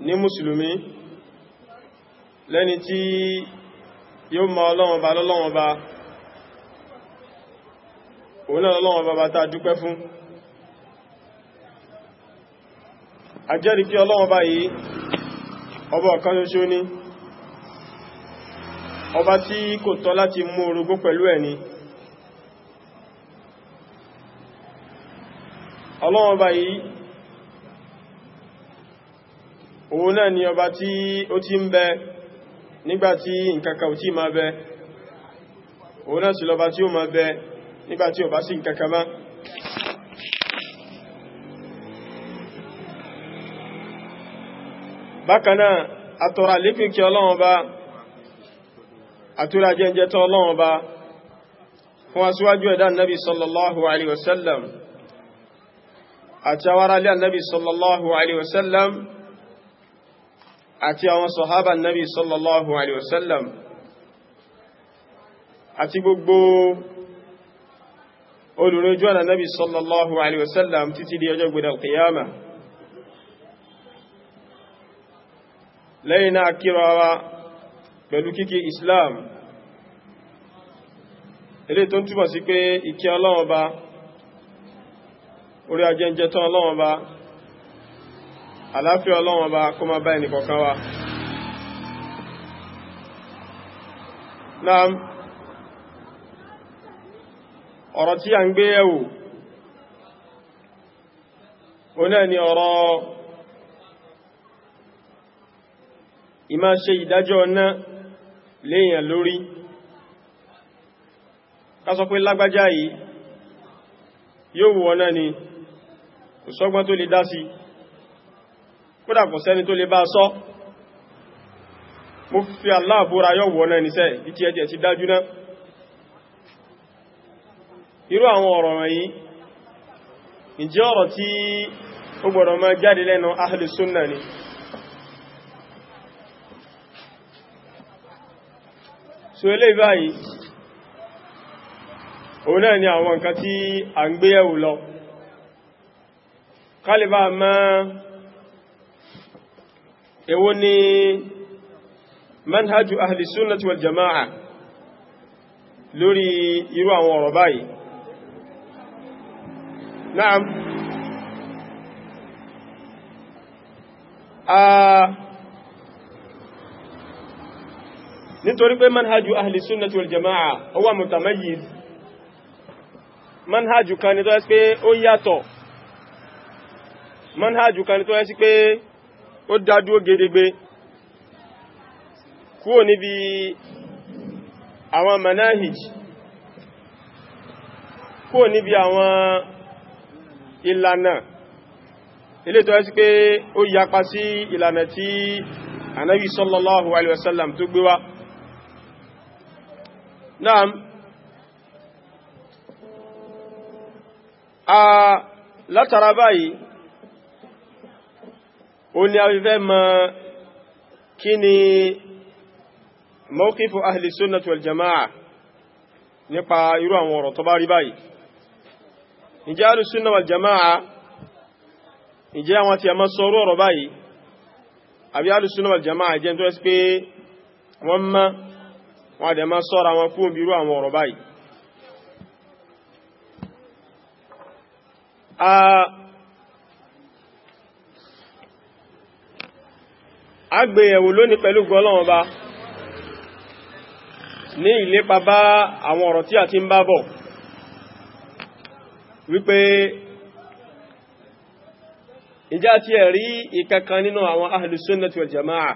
ní mùsùlùmí lẹ́ni tí yóò mọ ọlọ́wọ́n ba lọ́lọ́wọ́n ba òun náà lọ́lọ́wọ́n ba bá tá dúpẹ́ fún àjẹ́rìí kí ọlọ́wọ́n ba yìí ọba ọ̀kan ṣoṣo ni ọba tí kò tọ́ láti mú orogún pẹ̀lú ẹni ọlọ́wọ́n ba yìí òun náà ni ọba tí ó ti ń bẹ nígbàtí nkankan ò tí ma bẹ òun náà sì lọba tí ó ma bẹ nígbàtí ọba sí nkankan má bákanáà àtọ̀rà lékún kí ọlọ́wọ́n bá àtúrà jẹ́jẹ́ tọ́ ọlọ́wọ́n bá fún aṣíwájú ẹ̀dá annabi sallallahu alaihi wasallam àti awárálẹ́ annabi sallallahu alaihi wasallam àti àwọn sọ̀hábà nabi sallallahu alaihi wasallam àti gbogbo olùrójú ànà nabi sallallahu alaihi wasallam títí di ọjọ́ gbẹ̀dẹ̀ alqiyama lẹ́yìn náà kíra wa pẹ̀lú kíkí islam ilé tó ń túmọ̀ sí pé ìkẹ́ ọlọ́wọ́ orí ajẹ́jẹ́ àláfíà ọlọ́run ọba kó má bá ẹnìkọ̀ọ̀kan wa náà ọ̀rọ̀ tí a ń gbé ẹ̀wò o náà ni ọ̀rọ̀ ìmá ṣe ìdájọ́ ọ̀nà léèyàn lórí ká pé lágbájá yìí yóò wù ọ̀nà ni kò sọ́gbọ́n tó lè dá sí kódà kò sẹ́ni tó lè bá sọ mo fi Allah búra yọ wọ náà níṣẹ́ ìtí ẹjẹ̀ ti dájú náà irú àwọn ọ̀rọ̀ wọ̀nyí ǹjẹ́ ọ̀rọ̀ tí ó gbọ́dọ̀ máa jáde lẹ́nu ahlu ni so eléyìí báyìí òun náà ni àwọn nǹkan tí a ń gbé ẹ̀wù lọ kálíbà máa èwo ni manhajù ahli sunnati wal jama'a lórí irú àwọn ọ̀rọ̀ báyìí na'am a nítorí pé manhajù ahli sunnati wal jama'a ó wà mutamayyiz manhajù kan ni tó yẹ pé ó yàtọ̀ manhajù kan ni tó yẹ pé ó dádúró gedegbe kúrò níbi àwọn manahij kúrò níbi àwọn ìlànà ilé tó ẹ́sí pé ó yapa sí ìlànà tí anábi sallallahu alaihi wasallam tó gbé wá náà a látara báyìí ó ní afẹ́fẹ́ mọ kí ni mawqifu ahli sunnah wal jama'a nípa irú àwọn ọ̀rọ̀ tó bá rí báyìí ǹjẹ́ ahli sunnah wal jama'a ǹjẹ́ àwọn tí a mọ́ sọ ọ̀rọ̀ báyìí àbí ahli agbèyẹ̀wò lónìí pẹ̀lú gọ́lọ́wọ́n bá ní ìlépa bá àwọn ọ̀rọ̀ tí a ti ń bá bọ̀ wípé ìjá tí ẹ̀ rí ìkankan nínú àwọn ahlu sunnati wal jama'a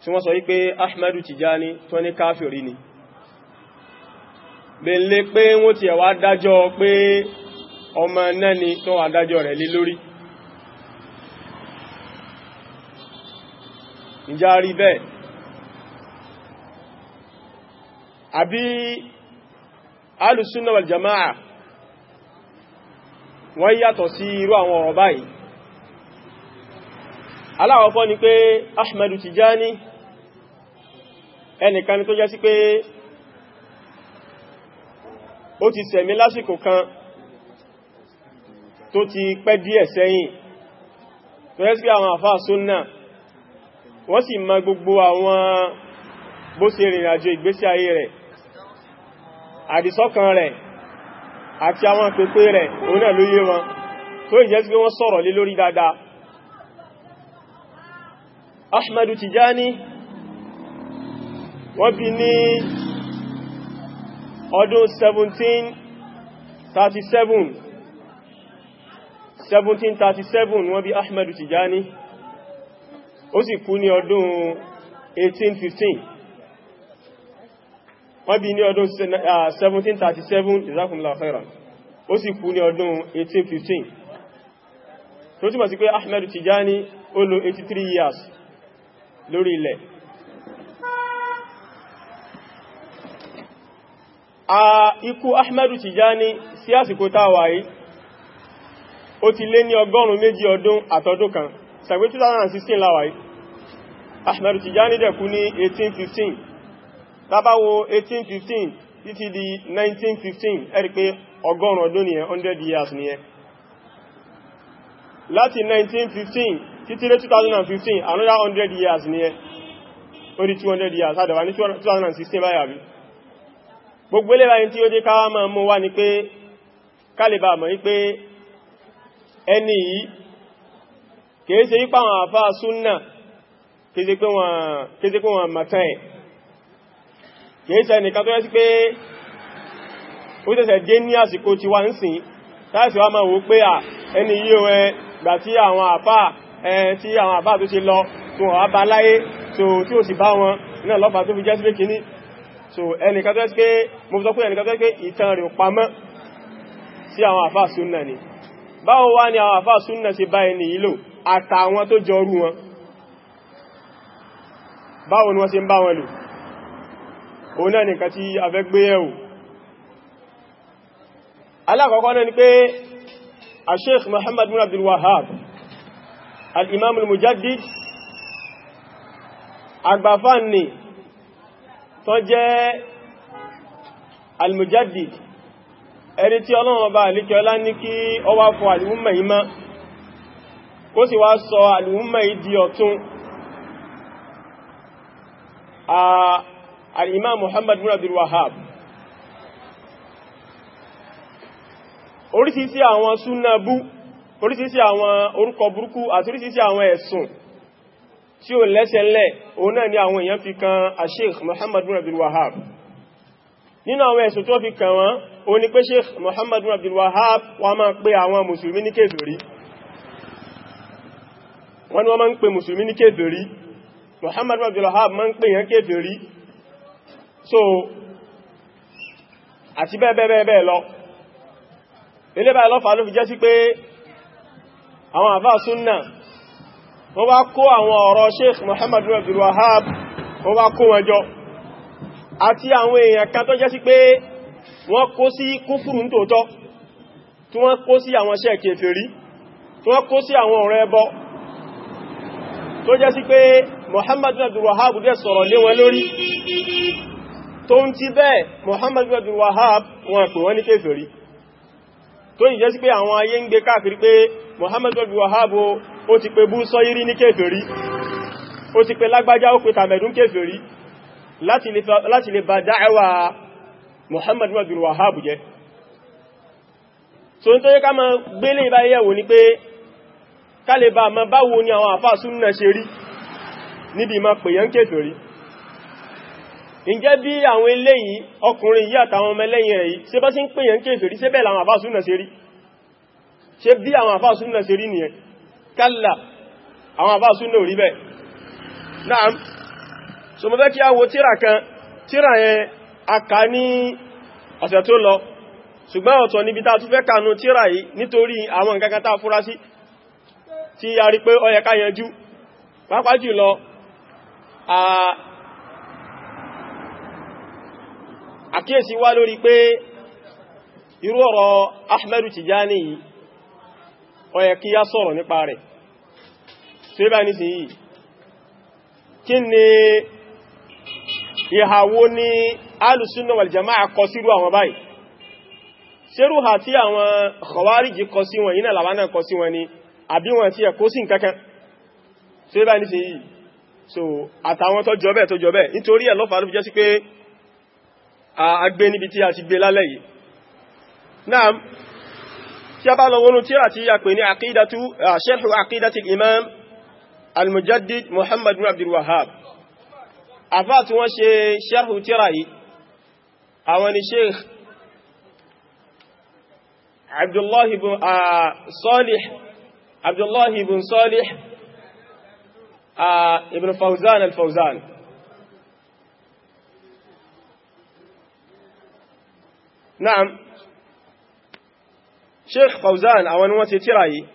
tí wọ́n sọ wípé Ahmadu Tijani tó ní káfìrí ni bèèlé pé wọ́n ti ẹ̀wà dájọ́ pé ọmọ náà ni tó wà dájọ́ rẹ̀ lé lórí ìjà rí bẹ́ẹ̀ àbí alùsúnnà wal jama'a wọ́n yàtọ̀ sí irú àwọn ọ̀rọ̀ báyìí aláwọ̀fọ́ ni pé Ahmadu Tijani ẹnìkan tó jẹ́ sí pé ó ti sẹ̀mí lásìkò kan tó ti pẹ́ díẹ̀ sẹ́yìn tó jẹ́ sí àwọn àfáà súnnà wọ́n sì mọ gbogbo àwọn bó ṣe rìnrìn àjò ìgbésí ayé rẹ̀ àdìsọ́kan rẹ̀ àti àwọn pépé rẹ̀ òun náà ló yé wọn tó ìjẹ́ sí wọ́n sọ̀rọ̀ lé lórí dáadáa Ahmadu Tijani wọ́n bí ní ọdún 1737 1737 wọ́n bí Ahmadu Tijani ó sì kú ní ọdún 1815 wọ́n bí ní ọdún 1737 ah, jazakumullahu khairan ó sì kú ní ọdún 1815 tó túnmọ̀ sí pé Ahmed Tijani ó lò 83 years lórí ilẹ̀ a ikú Ahmed Tijani sí àsìkò táwà yìí ó ti lé ní ọgọ́rùn-ún méjì ọdún àtọdún kan sàgbé 2016 láwàá yìí Ahmed Tijani dẹ̀ kú ní 1815 tàbáwo 1815 títí di 1915 ẹ̀rí pé ọgọ́rùn ọdún nìyẹn 100 years nìyẹn láti 1915 títí dé 2015 another 100 years nìyẹn ó di 200 years àdàwà ní 2016 báyà bí gbogbo ilé báyìí tí ó dé káwà máa mú wá ní pé kálìbà mọ̀ ní pé ẹni yìí kìí ṣe yípa àwọn àfáà súnnà kéde pé wọn màtán ẹ̀ kìí ṣe ẹnìkan tó yẹ sí pé ó tẹ́sẹ̀ dé ní àsìkò tí wá ń sìn láìsí wá máa wò pé à ẹni yíò ẹ gbà tí àwọn àpá ẹ tí àwọn àpá tó ṣe lọ tó wọ́n wá bá láyé so tí ó sì bá wọn náà lọ́pàá tó fi jẹ́ sílé kìíní so ẹnìkan tó yẹ sí pé mo báwo ni wọ́n ṣe ń bá wọn lò òun náà nìkan tí a fẹ́ gbé ẹ̀wò alákọ̀ọ́kọ́ náà ni pé al-sheikh Muhammad bin Wahab Wahhab al-imam al-mujaddid agbàfáàni tó jẹ́ al-mujaddid ẹni tí ọlọ́run ọba àlíkẹ́ ọlá ní kí ọ wá fọ àlúmọ̀ yìí kó sì wá sọ àlúmọ̀ yìí di ọ̀tún al-Imam Muhammad bin Abdul Wahhab oríṣiríṣi àwọn súnnàbú oríṣiríṣi àwọn orúkọ burúkú àti oríṣiríṣi àwọn ẹ̀sùn tí ó lẹ́sẹ̀lẹ̀ òun náà ni àwọn èèyàn fi kan Sheikh Muhammad bin Abdul Wahhab nínú àwọn ẹ̀sùn tó fi kàn wọ́n ó ní pé Sheikh Muhammad bin Abdul Wahhab wọ́n máa pè àwọn mùsùlùmí ní kèfèrí wọ́n ni wọ́n máa ń pè mùsùlùmí ní kèfèrí Muhammad bin Abdul Wahhab máa ń pè yàn kèfèrí so àti bẹ́ẹ̀bẹ́ẹ̀bẹ́ẹ̀ lọ ilé báyìí lọ́fà ló fi jẹ́ sí pé àwọn àfá súnnà wọ́n bá kó àwọn ọ̀rọ̀ Sheikh Muhammad bin Abdul Wahhab wọ́n bá kó wọn jọ àti àwọn èèyàn kan tó jẹ́ sí pé wọ́n kó sí kúfùrù ń tòótọ́ tí wọ́n kó sí àwọn iṣẹ́ kèfèrí tí wọ́n kó sí àwọn ọ̀rọ̀ ẹbọ tó jẹ́ sí pé Muhammad bin Abdul Wahhab dẹ̀ sọ̀rọ̀ lé wọn lórí tó ń ti bẹ́ẹ̀ Muhammad bin Abdul Wahhab wọn pè wọ́n ní kéfèrí tó yìí jẹ́ sí pé àwọn ayé ń gbé káàkiri pé Muhammad bin Abdul Wahhab ó ti pè bú sọ́yírí ní kéfèrí ó ti pè lágbájá ó pè tàmẹ̀dún kéfèrí láti lè bá dáẹwà Muhammad Abdul Wahhab jẹ́ níbi ma pè yán kèfèrí ǹjẹ́ bí àwọn eléyìí ọkùnrin yìí àtàwọn ọmọ ẹlẹ́yìn rẹ̀ yìí ṣe bá sí ń pè yán kèfèrí ṣe bẹ́ẹ̀ làwọn àfáà súnà ṣe rí ṣe bí àwọn àfáà súnà ṣe rí nìyẹn kálà àwọn àfáà súnà ò rí bẹ́ẹ̀ náà so ṣùgbọ́n ọ̀tọ̀ níbi tá tún fẹ́ kànú tíra yìí nítorí àwọn nǹkan kan fúra sí tí a rí pé ó yẹ ká yanjú pàápàá àkíyèsí wá lórí pé irú ọ̀rọ̀ Ahmadu Tijani yìí ó yẹ kí a sọ̀rọ̀ nípa rẹ̀ ṣe bá nísìn yìí kí ni ìhàwó ní alùsúnnà wàljama'a kọ sírú àwọn báyìí ṣerú ha tí àwọn Khawarij kọ sí wọn yínà làwọn kọ sí wọn ni àbí wọn tí ẹ̀kọ́ sí nǹkankan ṣe bá nísìn yìí so àtàwọn tó jọ bẹ́ẹ̀ tó jọ bẹ́ẹ̀ nítorí ẹ̀ lọ́fà ló fi jẹ́ sí pé a gbé níbi tí a ti gbé lálẹ́ yìí náà tí a bá lọ wọnú tíra tí a pè ní àkídàtú sharhu àkídàtí imam al-mujaddid muhammad bin abdul tí wọ́n ṣe sharhu tíra yìí àwọn ni sheikh abdullahi bin salih ibn Fawzan al-Fawzan na'am sheikh Fawzan àwọn wọ́n ti tírà yìí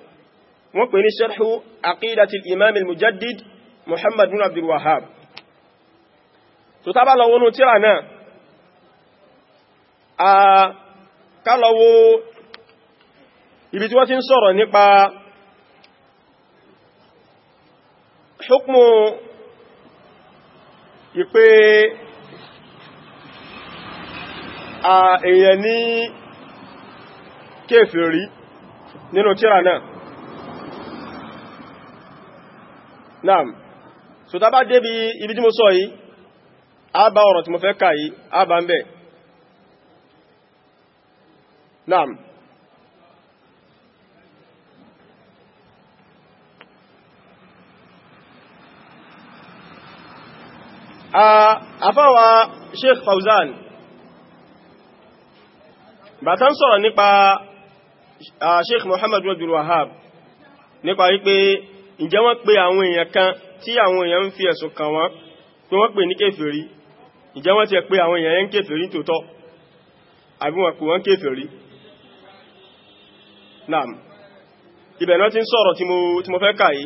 wọ́n pè ní sharhu aqidati al-imam al-mujaddid Muhammad bin Abdul Wahhab tó tá bá lọ wọnú tírà náà a ká lọ wo ibi tí wọ́n ti ń sọ̀rọ̀ nípa ṣókùnmù ìpé a èèyàn ní kéfèrí nínú tíra náà náà so ta bá débi ibi tí mo sọ yìí a bá ọ̀rọ̀ tí mo fẹ́ kà yìí a bá ń bẹ̀ náà àfáwà Sheikh Fauzan bàtà ń sọ̀rọ̀ nípa Sheikh Muhammad Abdul Wahhab nípa wípé ǹjẹ́ wọ́n pè àwọn èèyàn kan tí àwọn èèyàn ń fi ẹ̀sùn kàn wọ́n pé wọ́n pè ní kèfèrí ǹjẹ́ wọ́n ti pè àwọn èèyàn yẹn kèfèrí tòótọ́ àbí wọ́n pè wọ́n kèfèrí naam ibẹ̀ náà ti ń sọ̀rọ̀ tí mo fẹ́ kàyí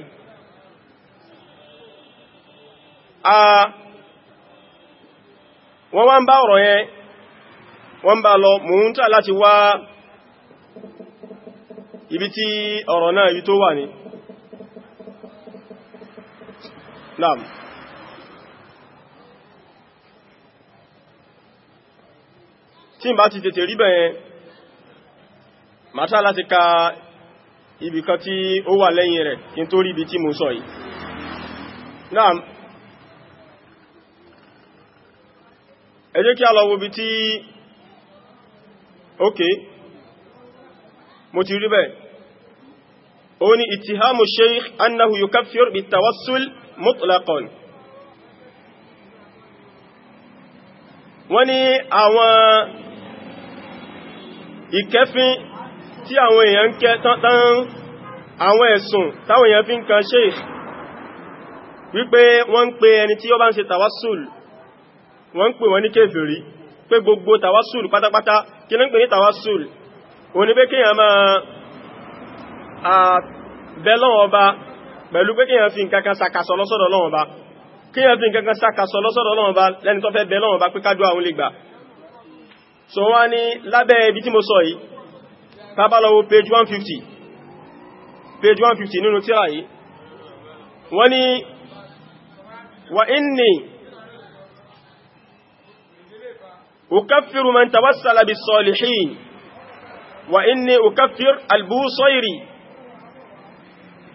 wọ́n wá ń bá ọ̀rọ̀ yẹn wọ́n bá lọ mò ń tà láti wá ibi tí ọ̀rọ̀ náà yìí tó wà ní naam tí n bá ti tètè rí bẹ̀yẹn màtà láti ka ibìkan tí ó wà lẹ́yìn rẹ̀ kí n tó rí ibi tí mo sọ yìí naam ẹ jẹ́ kí a lọ wo bí tí ok mo ti rí bẹ́ẹ̀ ó ní ìtìhámù sheikh annahu yukaffir bitawassul mutlaqan wọ́n ní àwọn ìkẹfín tí àwọn èèyàn ń kẹ́ tán àwọn ẹ̀sùn táwọn èèyàn fi ń kan sheikh wípé wọ́n ń pe ẹni tí ó bá ń ṣe tawassul wọ́n ń pè wọ́n ní kéfèrí pé gbogbo tàwásùl pátápátá kí ló ń pè ní tàwásùl òní pé kíyàn máa bẹ́lọ́wọ́ bá pẹ̀lú pé kíyàn fi nǹkankan sàkàsọ lọ́sọ̀dọ̀ lọ́wọ́ bá kíyàn fi nǹkankan sàkàsọ lọ́sọ̀dọ̀ lọ́wọ́ bá lẹ́ni tó fẹ́ bẹ́lọ́wọ́ bá pé kájú àwọn lè gbà so wọ́n ní wà inni أكفر من توسل بالصالحين وإني أكفر البوصيري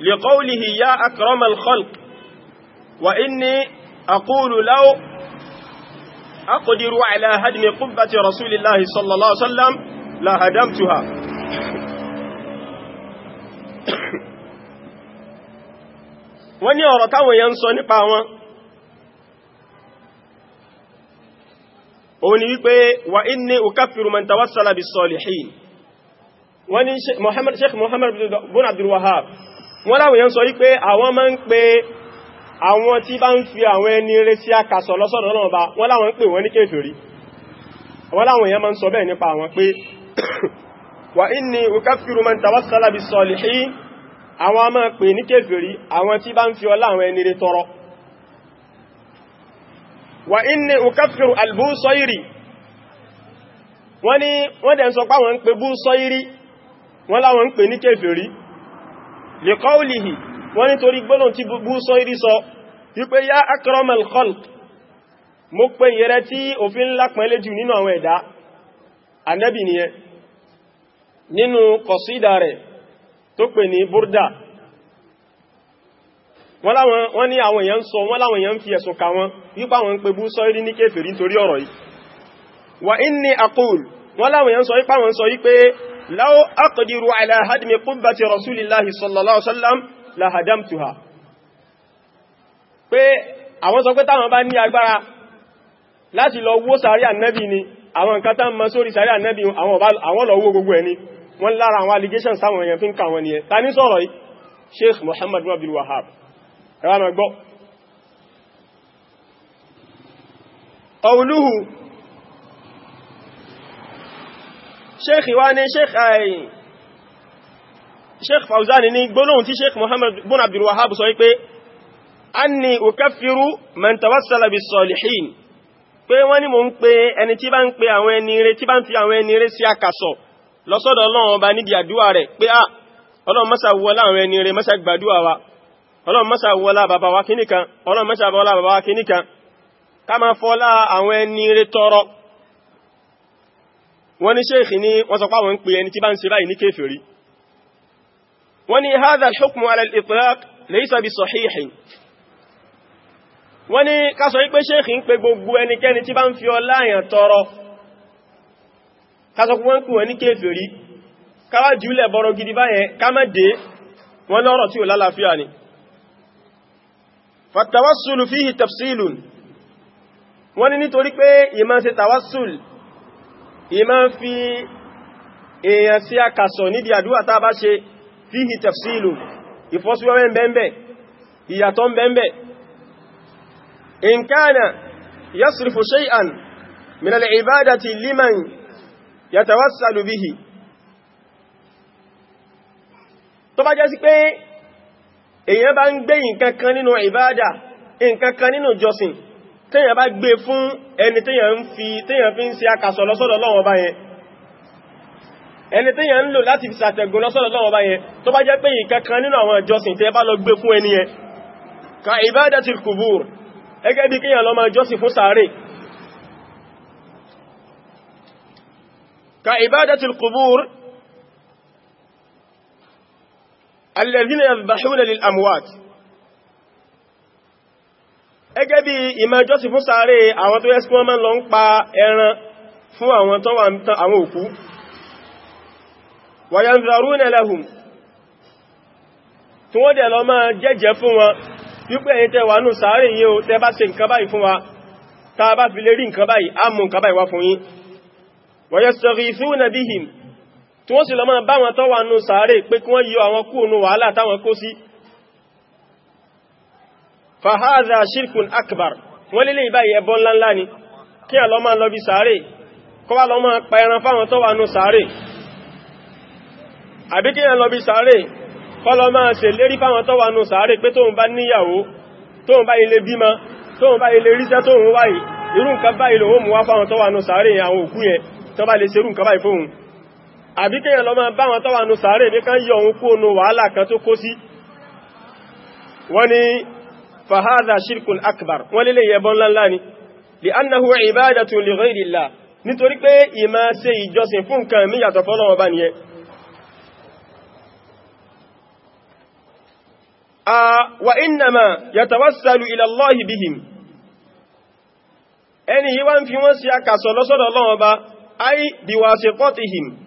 لقوله يا أكرم الخلق وإني أقول لو أقدر على هدم قبة رسول الله صلى الله عليه وسلم لهدمتها wọ́n ní ọ̀rọ̀ táwọn èèyàn ń sọ nípa wọn òun ni wípé wà inni ukaffiru man tawassala bis salihin wọ́n ni sheikh Muhammad bin Abdul Wahhab wọ́n láwọn yẹn sọ wípé àwọn máa ń pè àwọn tí bá ń fi àwọn ẹni rẹ̀ sí àkàsọ̀ lọ́sọ̀dọ̀ náà bá wọ́n láwọn wà inni ukaffiru al-Busairi wọ́n ni wọ́n dẹ̀ ń sọ páwọn ń pè Busairi wọ́n láwọn ń pè ní kèfèrí li qawlihi wọ́n ní torí gbọ́nà tí Busairi sọ wípé ya akramal khalq mo pè yẹrẹ tí òfin lápẹ́ léjù nínú àwọn ẹ̀dá anẹ́bì nínú kọ̀sídà rẹ̀ tó pè ní burda wọ́n ní àwọn èèyàn sọ wọ́n láwọn èèyàn fi ẹ̀sùn ká wọn wípé àwọn ń pe bú sọ́rí ní kéfèrí nítorí ọ̀rọ̀ yìí wà inni aqul wọ́n láwọn èèyàn sọ wípé àwọn sọ wípé law aqdiru ala hadmi qubbati rasulillahi sallallahu alaihi wasallam la hadamtuha pé àwọn sọ pé táwọn bá ní agbára láti lọ wó sàárì ànẹ́bì ni àwọn nǹkan tán mọ́ sórí sàárì sheikh muhammad abdul wahab ẹwà mọ̀ gbọ́ ọ̀wùlúhù sheikh wa ni sheikh ayin eh, sheikh fauzani ni gbólóhùn tí sheikh muhammad bin abdul wahab sọ wípé anni ukaffiru man tawassala bis salihin pé wọ́n ní mo ń pe ẹni tí bá ń pe àwọn ẹni rẹ̀ tí bá ń fi àwọn sí àkàsọ̀ lọ́sọ́dọ̀ ọlọ́run ọba nídìí àdúwà rẹ̀ pé à ah, ọlọ́run mọ́sà wọlá àwọn ẹni rẹ̀ mọ́sà gbàdúwà wa ọlọ́run mọ́sà wọlá bàbá wa kíní kan ọlọ́run mọ́sà wọlá bàbá wa kíní kan ká máa fọ́lá àwọn ẹni rẹ̀ tọrọ wọ́n ní ṣéèkì ní wọ́n sọ pé àwọn ń pè ẹni tí bá ń ṣe báyìí ní kéfèrí wọ́n ní hadha al-hukmu ala al-itlaq laysa bi sahih wọ́n ní ká sọ pé ṣéèkì ń pe gbogbo ẹnikẹ́ni tí bá ń fi ọlá yẹn tọrọ ká sọ wọ́n ń pè wọ́n ní kéfèrí káwá jùlẹ̀ bọ̀rọ̀ gidi báyẹn ká má wọ́n lọ́rọ̀ tí ò lálàáfíà ni fàtàwásùlù fíhì tafsilun wọ́n ni nítorí pé ìmá ṣe tàwásùl ìmá fi èèyàn sí àkàsọ̀ nídi àdúwà tàà bá ṣe fíhì tafsilun ìfọ́síwẹ́wẹ́ bẹ́ẹ̀bẹ́ ìyàtọ̀ bẹ́ẹ̀bẹ́ in kana yasrifu shay'an min al-ibadati èyàn bá ń gbé nǹkan kan nínú ìbádà nǹkan kan nínú jọsìn téyàn bá gbé fún ẹni téyàn ń fi téyàn fi ń ṣe akàsọ̀ lọ́sọ́dọ̀ lọ́wọ́ bá yẹn ẹni téyàn ń lò láti fi ṣàtẹ̀gùn lọ́sọ́dọ̀ lọ́wọ́ bá yẹn tó bá jẹ́ pé nǹkan kan nínú àwọn jọsìn tẹ́ bá lọ gbé ka ibadatil qubur alladhina yadhbahuna lil amwat ẹgẹ́ bí ìmọ̀ jọ́sìn fún sàárè àwọn tó yẹ́sí wọ́n mọ́ lọ ń pa ẹran fún àwọn tó wà ń tan àwọn òkú wa yanzaruna lahum tí wọ́n dẹ̀ lọ máa jẹ́jẹ́ fún wọn wípé ẹ̀yin tẹ́ wà nù sàárè yìí tẹ́ bá ṣe nǹkan báyìí fún wa tá fi lè rí nǹkan báyìí á mú nǹkan báyìí wá fún yín wa yastaghithuna bihim tí wọ́n sì lọ máa bá wọn tó wà nù sàárè pé kí wọ́n yọ àwọn kúrò nù wàhálà táwọn kó sí fàhádà shirkun akbar wọ́n lélẹ̀ ìbáyìí ẹbọ ńláńlá ni kí a lọ máa lọ bí sàárè kọ́ wá lọ máa pa ẹran fáwọn tó wà nù sàárè àbí kí a lọ bí sàárè kọ́ lọ máa ṣe lérí fáwọn tó wà nù sàárè pé tóun bá níyàwó tóun bá ilé tó àbí kéèyàn lọ máa bá wọn tọ́wà nù sàárè ní kán yọ òun kú ònù wàhálà kan tó kó sí wọ́n ni fahadha shirkun akbar wọ́n lè yẹbọn lánlá ni li annahu ibadatun li ghayri llah nítorí pé ìmá ṣe ìjọsìn fún nǹkan mí yàtọ̀ fọ́lọ́wọ́ bá nìyẹn wa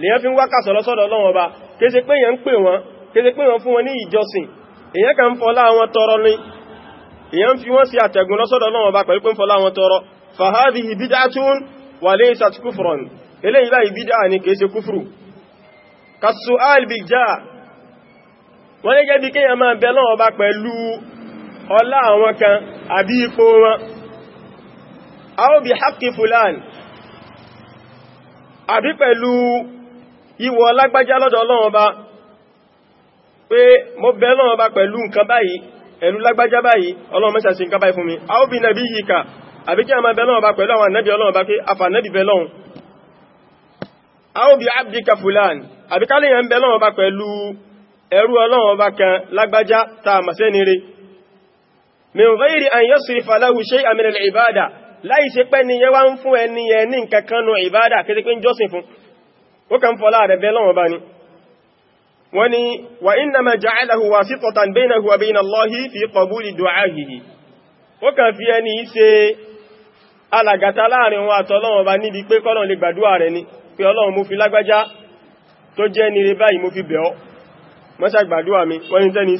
lèyàn fi ń wá kàsọ̀ lọ́sọ́dọ̀ Ọlọ́run Ọba kése pé yẹn ń pè wọn kése pé wọn fún wọn ní ìjọsìn èyàn kan fọlá wọn tọrọ ní èyàn fi wọ́n sí àtẹ̀gùn lọ́sọ́dọ̀ Ọlọ́run Ọba pẹ̀lú pé ń fọlá wọn tọrọ fahadhihi bid'atun wa laysat kufran eléyìí báyìí pẹ̀lú ìwọ lágbájá lọ́dọ̀ Ọlọ́run ba pé mo bẹ Ọlọ́run Ọba pẹ̀lú nǹkan báyìí ẹ̀lú lágbájá báyìí Ọlọ́run mẹ́sà sí nǹkan báyìí fún mi a ó bí nàbí yìí kà àbí kí a máa bẹ Ọlọ́run Ọba pẹ̀lú àwọn ànábì Ọlọ́run Ọba pé afànẹ́bì bẹ lọ́run a ó bí abdika fulan àbí ká lèyàn bẹ Ọlọ́run Ọba pẹ̀lú ẹrú Ọlọ́run Ọba kan lágbájá ta àmàṣẹ́ nire min ghairi an yasifa lahu shay'an min ibada láì ṣe pẹ́ ni yẹ wá ń fún ẹni ẹni nǹkan kan nù ìbádà kí ó kàn fọ́lá rẹ̀ bẹ́ lọ́wọ́ bá ní wọ́n ni wà innama ja'alahu wasitatan baynahu wa bayna Allahi fi qabuli du'ahihi ó kàn fi ẹni ṣe alàgàtà láàrin wọn àtọ́lọ́wọ́ bá níbi pé kọ́lọ̀ lè jẹ́ ní rẹ báyìí mo fi bẹ̀ ọ́ mọ́sá gbàdúwà mi wọ́n ni tẹ́ni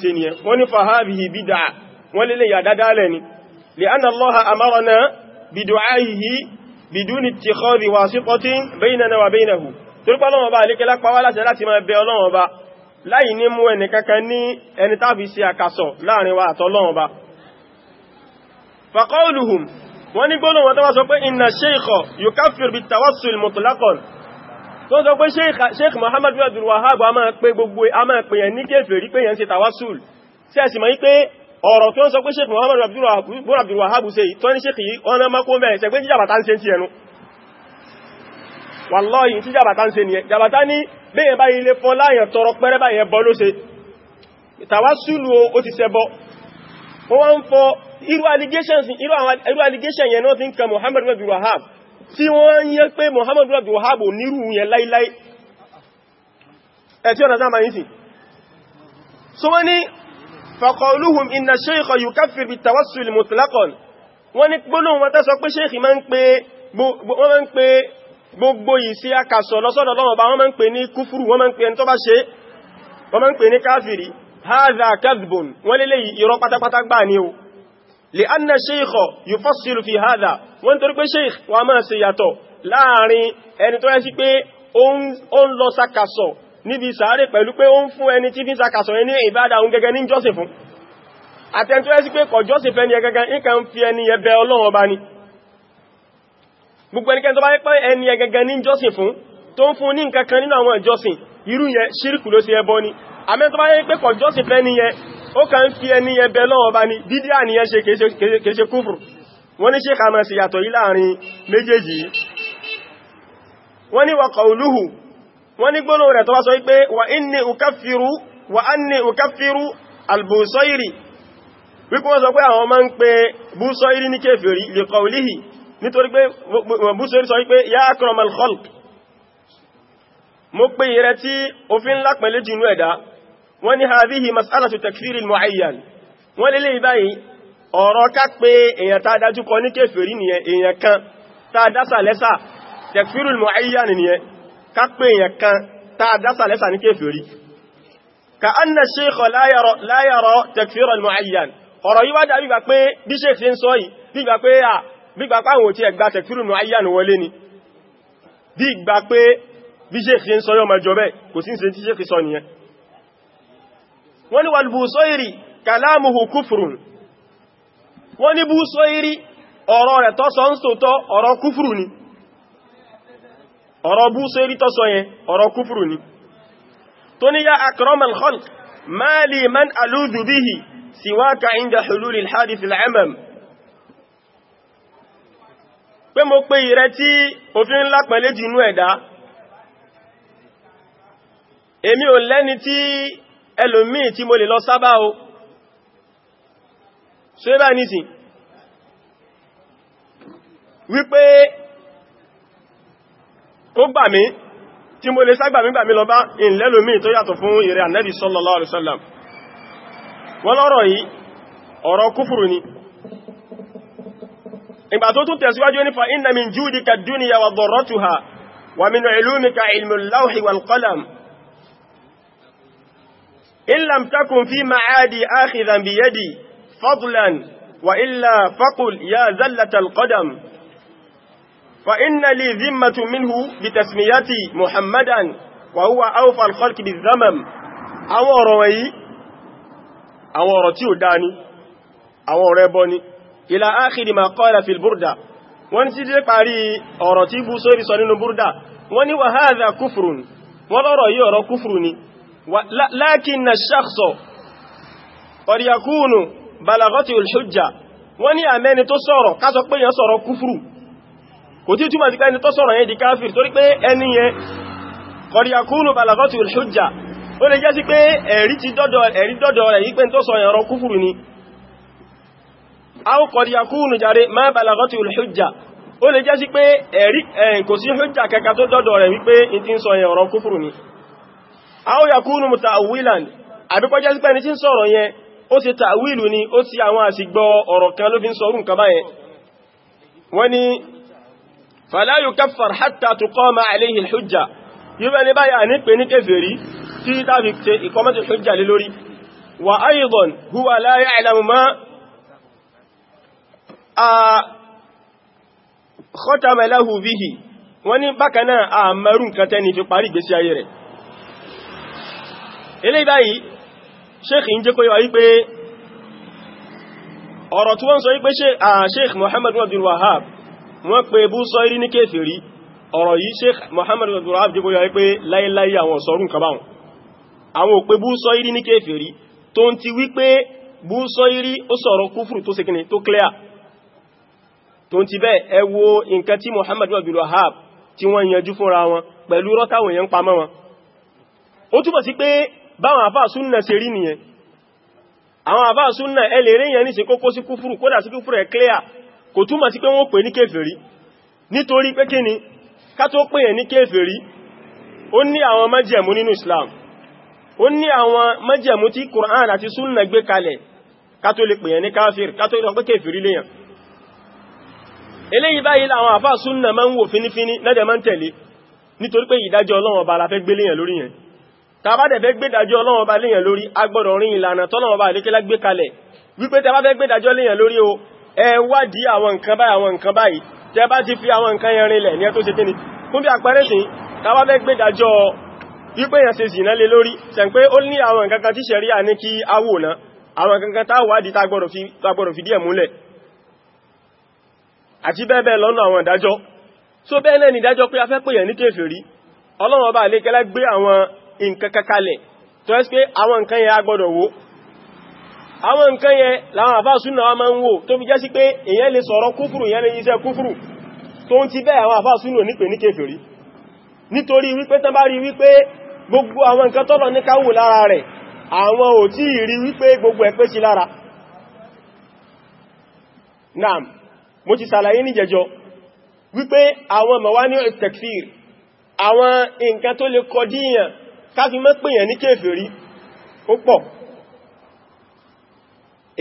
ṣe torípa ọlọ́wọ́ bá alékẹ́ lápá wá láṣẹ láti máa bẹ ọlọ́wọ́ bá láì ní mú ẹni kankan ní ẹni tàbí sí àkàsọ̀ láàrin wa àtọ́lọ́wọ́ bá fàkọ́ọ̀lùhùn wọ́n ní gbónà wọn tó wá sọ pé inna sheikha yukafir bi tawassul mutlaqan tó sọ pé sheikh Muhammad bin Abdul Wahhab a máa pè gbogbo a máa pè yẹn ní kèfèrí pé yẹn ṣe tawassul sí ẹ̀sì mọ̀ pé ọ̀rọ̀ tó sọ pé sheikh Muhammad bin Abdul Wahhab ṣe ìtọ́ni sheikh yìí ọ̀nà makó mẹ́rin sẹ́gbé jíjàbàtà ń se ti ẹnu wàlọ́yìn tí jàbàtà ń ṣe nìyẹn jàbàtà ní bẹ́yẹn bá ilé fọ́ láyàn tọrọ pẹ́rẹ́ báyẹn bọ́ ló ṣe tàwásùlù ó ti ṣẹbọ ó wá ń fọ́ irú allegation yẹn náà ti ń kà Muhammad bin Wahab tí wọ́n ń yẹ́ pé Muhammad bin Wahab ò nírú wọn tẹ́ pé sheikh ma ń pé gbogbo ìsí akasọ̀ lọ́sọ́dọ̀ Ọlọ́run Ọba wọ́n máa ń pè ní kúfúrù wọ́n máa ń pè ní tó bá ṣe wọ́n máa ń pè ní káfìrí haza kadhbun wọ́n lélẹ̀ irọ́ pátápátá gbà ní o lè anna sheikho yufassilu fi haza wọ́n torí pé sheikh wa máa ṣe yàtọ̀ láàrin ẹni tó yẹ sí pé ó ń lọ sakasọ̀ níbi sàárè pẹ̀lú pé ó ń fún ẹni tí fi sakasọ̀ ni ẹgẹ́gẹ́ ní kan fi ẹni ẹbẹ gbogbo ẹnikẹ́ni tó bá yẹ pé ẹni ẹgẹgẹ ní jọ́sìn fún tó ń fún ní nǹkan kan nínú àwọn ìjọsìn irú yẹn ṣíríkù ló sí ẹbọ ni àmẹ́ tó bá yẹ pé kò jọ́sìn fẹ́ niyẹn ó kàn fi ẹni yẹn bẹ lọ́wọ́ bá ní dídíà niyẹn ṣe kéṣe kúfùrù wọ́n ní ṣe kàmọ̀ sí yàtọ̀ yìí láàrin méjèèjì wọ́n ní wa qawluhu wọ́n ní gbónú rẹ̀ tó wá sọ wípé wa inni ukaffiru wa anni ukaffiru al wípé wọ́n sọ pé àwọn máa ń pe Busairi ní kéfèrí li qawlihi nítorí pé búṣorí sọ wípé ya akramal khalq mo pè ìrẹ tí òfin lápẹ̀lẹ́ jù ẹ̀dá wọ́n ní hadhihi mas'alatu takfiri al-mu'ayyan wọ́n lélé ìbáyìí ọ̀rọ̀ ká pé èèyàn tá dájú kọ ní kéfèrí nìyẹn èèyàn kan tá dásà lẹ́sà bí gbà páwọn òtí ẹgbà tẹ̀kfírùnù ayyàn wọlé ni bí gbà pé bí ṣéfì ń sọ yọ ma jọbẹ́ kò sí ṣe tí ṣéfì sọ nìyẹn wọ́n ni wàlbù sóìrì kàlámùhù kúfùrùn wọ́n ni bú sóìrì ọ̀rọ̀ rẹ̀ tọ́sọ ń sòtọ́ ọ̀rọ̀ kúfùrù ni ọ̀rọ̀ inda hululil hadith al'amam pé mo pé ìrẹ tí òfin ńlá pẹ̀lẹ́ jù inú ẹ̀dá èmi ò lẹ́ni tí ẹlòmíì tí mo lè lọ sábà o ṣe bá nìsìn wípé kó gbà mí tí mo lè ságbà mí lọ bá ìlẹ́lòmíì tó yàtọ̀ fún ìrẹ ànẹ́bì sallallahu alaihi wasallam wọ́n lọ́rọ̀ ìgbà tó tún tẹ̀síwájú ní fa inna min judika dúníyà wa darratuha wa min ilumika ilmul lawhi wal qalam illam takun fi ma'adi akhidhan bi yadi fadlan wa illa faqul ya zallata alqadam fa inna li dhimmatun minhu bi tasmiyati muhammadan wa huwa awfa alkhalqi bizamam àwọn ọ̀rọ̀ wọ̀nyí àwọn ọ̀rọ̀ tí ó dání àwọn ọ̀rọ̀ ẹbọ ni ila akhiri ma qala fil burda wọ́n ti dé parí ọ̀rọ̀ tí Busiri sọ nínú burda wọ́n ní wa hadha kufrun wọ́n lọ́rọ̀ yí ọ̀rọ̀ kúfrù ni lakinna shakhsa qad yakunu balagati al-hujja wọ́n ní àmẹ́ni tó sọ̀rọ̀ kásọ pé yẹn sọ̀rọ̀ kúfrù kò tí túnmà sí pé ẹni tó sọ̀rọ̀ aw qad yakunu jàre ma balagati al-hujja ó lè jẹ́ sí pé ẹ̀rí kò sí hujja kankan tó dọ́dọ̀ rẹ̀ wípé in ti ń sọ yẹn ọ̀rọ̀ kúfùrù ni aw yakunu muta'awwilan àbí kó jẹ́ sí pé ẹni tí ń sọ̀rọ̀ yẹn ó ṣe ta'wilu ni ó ti àwọn àsìgbọ́ ọ̀rọ̀ kan ló fi ń sọrún kan báyẹn wọ́n ni wa aydan huwa la ya'lamu ma khatama lahu bihi wọ́n ní bákanáà a mẹ́rún kan tẹ́ni fi parí ìgbésí ayé rẹ̀ ilé báyìí sheikh ń jẹ́ kó yíwa wípé ọ̀rọ̀ tí wọ́n sọ wípé sheikh Muhammad Abdul Wahhab wọ́n pè bú sọ irí ní kéfèrí ọ̀rọ̀ yìí sheikh Muhammad Abdul Wahhab jẹ́ kó yíwa wípé láíláí àwọn sọrún kabáhùn àwọn òpè bú sọ irí ní kéfèrí tó ń ti wípé bú sọ irí ó sọ̀rọ̀ kúfùrù tó sekine tó clear tó ń ti bẹ́ ẹ wo nǹkan tí Muhammad Abdul Wahab tí wọ́n yanjú fúnra wọn pẹ̀lú rọ́tàwọn èèyàn pamọ́ wọn ó túbọ̀ sí pé báwọn àfáà súnnà ṣe rí nìyẹn àwọn àfáà súnnà ẹlẹ́rẹ́ yẹn ní sí kókó sí kúfúrù kódà sí kúfúrù ẹ̀ kò túmọ̀ sí pé wọ́n pè ní kéfèrí nítorí pé kí ni ká tó pè ní kéfèrí ó ní àwọn májẹ̀mú nínú Islam ó ní àwọn májẹ̀mú tí Qur'an àti súnnà gbé kalẹ̀ ká tó lè pè ní káfíìr ká tó lè pè kéfèrí léyàn eléyìí báyìí láwọn àfá súnnà máa ń wò fínífíní lẹ́dẹ̀ máa ń tẹ̀lé nítorí pé ìdájọ́ Ọlọ́run ọba la fẹ́ gbé léyàn lórí yẹn tàbá dẹ̀ fẹ́ gbé ìdájọ́ Ọlọ́run ọba léyàn lórí agbọ́dọ̀ rin ìlànà tọ́lọ́run o ẹ wádìí àwọn nǹkan báyìí àwọn nǹkan báyìí tẹ bá ti fi àwọn nǹkan yẹn rinlẹ̀ ní ẹ tó ṣe kíni fún bí àpẹẹrẹ sí tàbá fẹ́ gbé ìdájọ́ wípé yẹn ṣe zìnà lé lórí àti bẹ́ẹ̀ bẹ́ẹ̀ lọ́nà àwọn ìdájọ́ so bẹ́ẹ̀ náà ni ìdájọ́ pé a fẹ́ pèyàn ní kèfèrí ọlọ́run ọba àlékẹ́lá gbé àwọn nǹkan kakalẹ̀ tó ẹ́sì pé àwọn nǹkan yẹn agbọ́dọ̀ wò àwọn nǹkan yẹn láwọn àfáà súnà wa máa ń wò tó fi jẹ́ sí pé èyàn lè sọ̀rọ̀ kúfùrù yẹn lè yíṣẹ́ kúfùrù tó ń ti bẹ́ẹ̀ àwọn àfáà súnà nípe ní kèfèrí nítorí wípé tán bá rí wípé gbogbo àwọn nǹkan tọ́lọ ní káwò lára rẹ̀ àwọn ò tí ì rí wípé gbogbo ẹ̀ sí lára naam mo ti sàlàyé ní jẹjọ wípé àwọn mawani takfir àwọn nǹkan tó lè kọdíyàn káfí mọ́ pèyàn ní kéfèrí ó pọ̀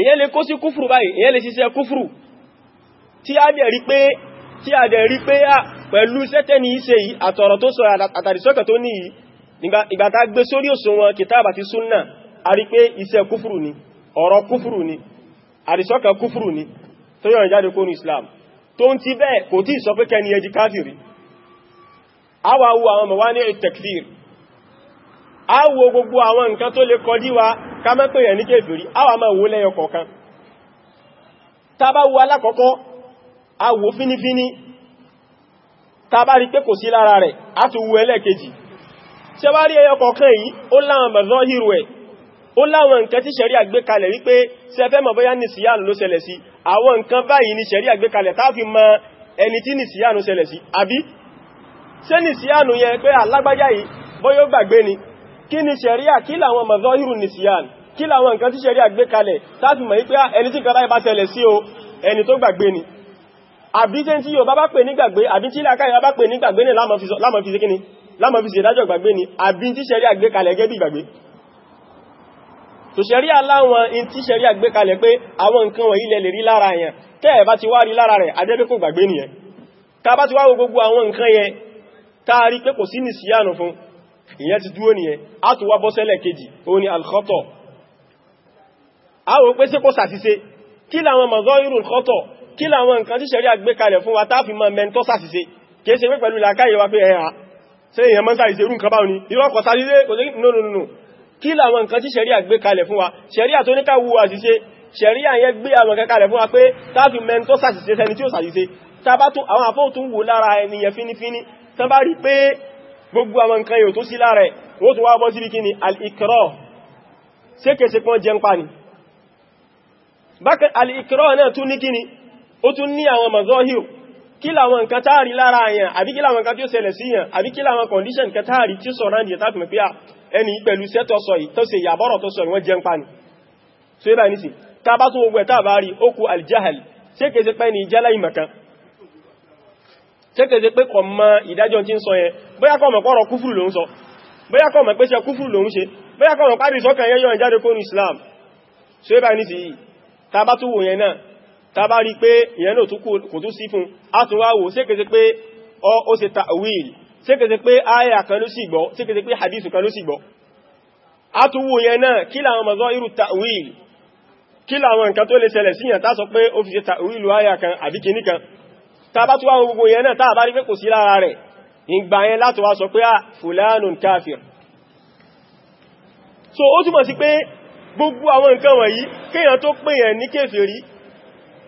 èyẹ́ lè kó sí kúfùrù báyìí èyẹ́ lè ṣiṣẹ́ kúfùrù tí a dẹ̀ rí pé tí a dẹ̀ rí pé à pẹ̀lú sẹ́tẹ́ ní iṣẹ́ yìí àtọ̀rọ̀ tó sọ àtàrísọ́kẹ̀ tó ní yìí ìgbàtà gbé sórí òṣùwọ̀n kìtàbà ti súnnà a rí pé iṣẹ́ kúfùrù ni ọ̀rọ̀ kúfùrù ni àrísọ́kẹ̀ kúfùrù ni tó yọ ìjáde kó ní islam tó ń ti bẹ́ẹ̀ kò tí sọ pé kẹni ẹjí káfìrí àwa wo àwọn mọ̀wá ní ìtẹ̀kfìr a wo gbogbo àwọn nǹkan tó lè kọjú wa ká mọ́ pé yẹn ní kéfìrí àwa máa wo lẹ́yọ kọ̀ọ̀kan tá bá wo alákọ̀ọ́kọ́ a wo fínífíní tá bá rí pé kò sí lára ó láwọn nǹkan tí ṣẹ̀rí àgbékalẹ̀ wípé ṣẹfẹ́ mọ̀ ní síyàn ló ṣẹlẹ̀ sí àwọn nǹkan báyìí ni ṣẹ̀rí àgbékalẹ̀ táàfi ma ẹni tí ní síyànú ṣẹlẹ̀ sí àbí ṣe ní síyànú yẹn pé alágbájá yìí bóyó gbàgbé ni kí ni ṣẹ̀rí àkí làwọn mọ̀zọ́hìrù ní síyànú kí làwọn nǹkan tí ṣẹ̀rí àgbékalẹ̀ táàfi mọ̀ wípé ah, ẹni o ẹni tó gbàgbé ni àbí tí tí yóò bá pè ní gbàgbé àbí tí lákàyà bá pè ní gbàgbé ni lámọ̀ fi ṣe kíni lámọ̀ fi ṣe ìdájọ́ gbàgbé ni àbí tí so ṣẹ̀ríà láwọn in tí ṣẹ̀ríà gbé kalẹ̀ pé àwọn nǹkan wọ̀nyí lẹ lè rí lára yẹn tẹ́ẹ̀ bá ti wá rí lára rẹ̀ adẹ́bẹ́ kò gbàgbé nìyẹn ká bá ti wá wo gbogbo àwọn nǹkan yẹn ká rí pé kò sí ní síyànù fún ìyẹn ti dúró nìyẹn a tó wá bọ́sẹ́lẹ̀ kejì ó ní alkhọ́tọ̀ a wò pé sí kò sàṣìṣe kí làwọn mọ̀zọ́ irú alkhọ́tọ̀ mọ́ mẹ́ntọ́ sàṣìṣe nǹkan báwọn ni irọ́ kọ̀ sàṣìṣe kò sí nínú kí làwọn nǹkan tí ṣẹ̀ríà gbé kalẹ̀ fún wa ṣẹ̀ríà tó ní ká wu àṣìṣe ṣẹ̀ríà yẹn gbé àwọn nǹkan kalẹ̀ fún wa pé táàfi mẹ́ni tó ṣàṣìṣe sẹni tí ó ṣàṣìṣe tàbátún àwọn afọ́tún wò lára ẹni yẹn fínífíní tán bá rí pé gbogbo àwọn nǹkan yóò tó sí lára ẹ̀ wó tó wá bọ́ sí bí al-ikra sékèsè pọ́n jẹun pa Kila làwọn nǹkan táàrí lára àyàn àbí kí làwọn nǹkan tí ó ṣẹlẹ̀ sí yàn àbí kí làwọn condition kan táàrí tí sọ̀rọ̀ àndìyàn tàbí mẹ́ pé à ẹni pẹ̀lú iṣẹ́ tó sọ tó ṣe ìyàbọ̀rọ̀ tó sọ ìwọ́n jẹ́ ń pa ni so ibà ní sí ta bá tún gbogbo ẹ̀ tàbá rí ó kú aljahal ṣé kèsè pé ní ìjẹ́ láì mọ̀kan ṣé kèsè pé kò mọ ìdájọ́ tí ń sọ yẹn bóyá kò mọ̀ pọ̀rọ̀ kúfùrù ló ń sọ bóyá kò mọ̀ pé ṣe kúfùrù ló ń ṣe bóyá kò mọ̀ pàdé sọ́kàn yẹ́yọ́ ìjáde kónú Islam so ibà ní sí ta bá tún wò yẹn náà tàbá rí pé ìyẹn náà kò tún sí fún átùnwáwò sékèsé pé ó ṣe ta'wil sékèsé pé áyà kan ló sì gbọ́ sékèsé pé hadith kan ló sì gbọ́ átùnwò yẹn náà kí làwọn mọ̀zọ́ irú ta'wil kí làwọn nǹkan tó lè ṣẹlẹ̀ síyàn tá sọ pé ó fi ṣe ta'wil ah, so ó túmọ̀ sí pé gbogbo àwọn nǹkan wọ̀nyí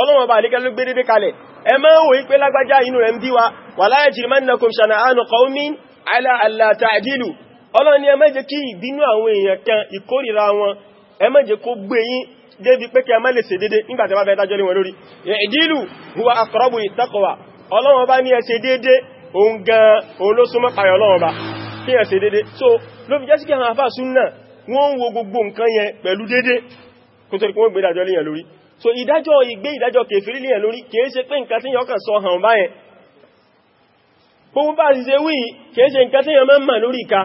ọlọ́wọ̀n bá níkẹ́ ló gbé dédé kalẹ̀ ẹ máa wòye pé lágbájá inú rẹ̀ ń bí wa wà láyé jìrìmánìlẹ́kùn ṣànàánù qawmin ala alla ta'dilu ọlọ́run ni ẹ má jẹ́ kí ìbínú àwọn èèyàn kan ìkórìíra wọn ẹ má jẹ́ kó gbé yín débi pé kí ẹ má lè ṣe dédé nígbàtí wọ́n fẹ́ dájọ́ lé wọn lórí i'dilu huwa aqrabu littaqwa ọlọ́run bá ní ẹ ṣe dédé ń wo gbogbo nǹkan yẹn pẹ̀lú dédé kó tó rí pé wọ́n gbé dájọ́ lé lórí so ìdájọ́ ìgbé ìdájọ́ kèfèrí lé ẹ̀ lórí kìí ṣe pé nǹkan tí yọ kàn sọ hàn báyẹn gbogbo bá ti ṣe wí kìí ṣe nǹkan tí yọ máa ń mà lórí ìka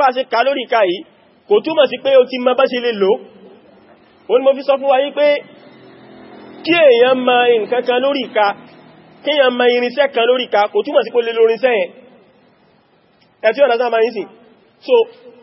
bá ṣe ká lórí ìka yìí kò túmọ̀ sí pé o ti ma bá ṣe lè lò ó ní mo fi sọ fún wa pé kí èèyàn ma nǹkan kan lórí ìka kí èèyàn ma irinṣẹ́ kan lórí ìka kò túmọ̀ sí pé lè lórinṣẹ́ yẹn ẹ̀ tí ọ̀nà sáà máa ń sìn so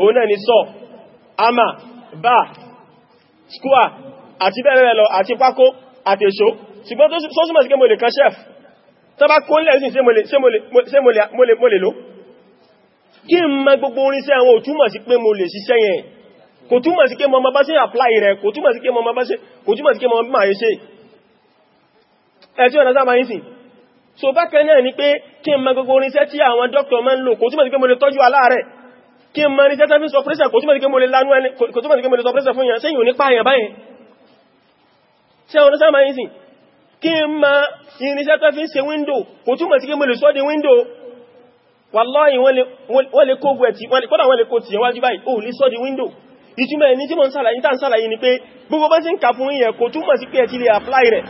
Ona ni sọ ama bá skua àti bẹ́ẹ̀rẹ̀ lọ àti pákó àti èṣó ṣùgbọ́n tó súnmọ̀ sí pé mo lè kan chef tó bá kó nílẹ̀ sí mo lè lò kí n mọ gbogbo orin sí àwọn òtúmọ̀ sí pé mo lè ṣiṣẹ́ yẹn kò túmọ̀ sí pé mo máa bá ṣe apply re kò túmọ̀ sí pé mo máa bá ṣe kò túmọ̀ sí pé mo máa ṣe ẹ̀tí ọ̀nà sáàmà yìí so bákan náà ni pé kí n gbogbo orin sẹ́ tí àwọn dókítà máa ń lò kò túmọ̀ sí pé mo lè tọ́jú aláàrẹ̀ kí n ma ní jẹ́ta fi sọ pẹ́sẹ̀ kò túnmọ̀ ní kí mo lè lánú ẹni kò túnmọ̀ ní kí mo lè sọ pẹ́sẹ̀ fún yàn sẹ́yìn òní pààyàn báyẹn ṣe ọ̀nà sáàmà yìí sí kí n ma irinṣẹ́ tó fi ṣe wíńdò kò túnmọ̀ sí kí mo lè sọ di wíńdò wàláhì wọ́n lè kó ni pé gbogbo bá sí ń kà fún yẹn kò túnmọ̀ sí pé ẹ ti lè apply rẹ̀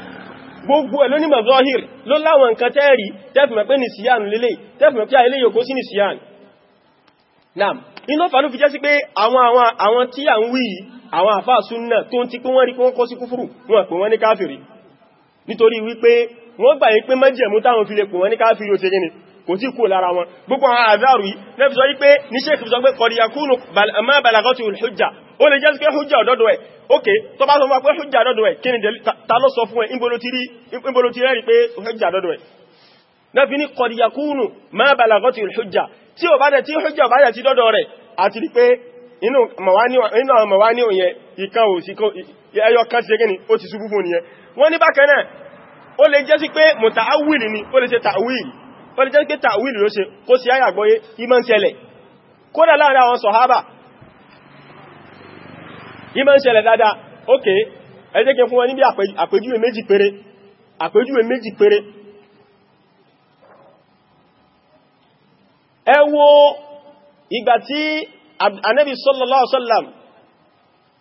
gbogbo ẹ̀ lónìí mọ̀zọ́hìr ló láwọn nǹkan tẹ́ẹ̀rí tẹ́fìmọ̀ pé ní síyàn lélẹ̀ tẹ́fìmọ̀ pé àìlẹ́yìn kò sí náà iná fà ló fi jẹ́ sí pé àwọn tí à ń wí àwọn àfáà súnnà tó ń ti pé wọ́n rí pé wọ́n kó sí kúfùrù wọ́n pè wọ́n ní káfìrí nítorí wípé wọ́n gbà yí pé mẹ́jẹ̀mú táwọn fi lè pè wọ́n ní káfìrí ó ṣe gíní kò tí kú lára wọn gbogbo àwọn àdáàrù yìí lẹ́fi sọ wípé ní Sheikh sọ pé kọ̀díyà kúrò má balagọ́tí tí ò bá dẹ̀ tí hujja bá dẹ̀ ti dọ́dọ̀ rẹ̀ àti rí pé inú mọ̀wání òyìn ìkan òsìkò ẹyọ kan ṣe gẹ́ni ó ti ṣubú fún nìyẹn wọ́n ní bákan ó lè jẹ́ sí pé mùtàáwìlì ni ó lè ṣe tàwìlì ó lè jẹ́ sí pé tàwìlì ló ṣe kó sí ayàgbọ́yé ìmọ̀ ń ṣẹlẹ̀ kódà láàrin àwọn sọ̀hábà ìmọ̀ ń ṣẹlẹ̀ dáadáa ókè ẹ jẹ́ kí n fún wọn níbi àpèjúwe méjì péré àpèjúwe méjì péré ẹ wo ìgbà tí anẹ́bí sallallahu alaihi wasallam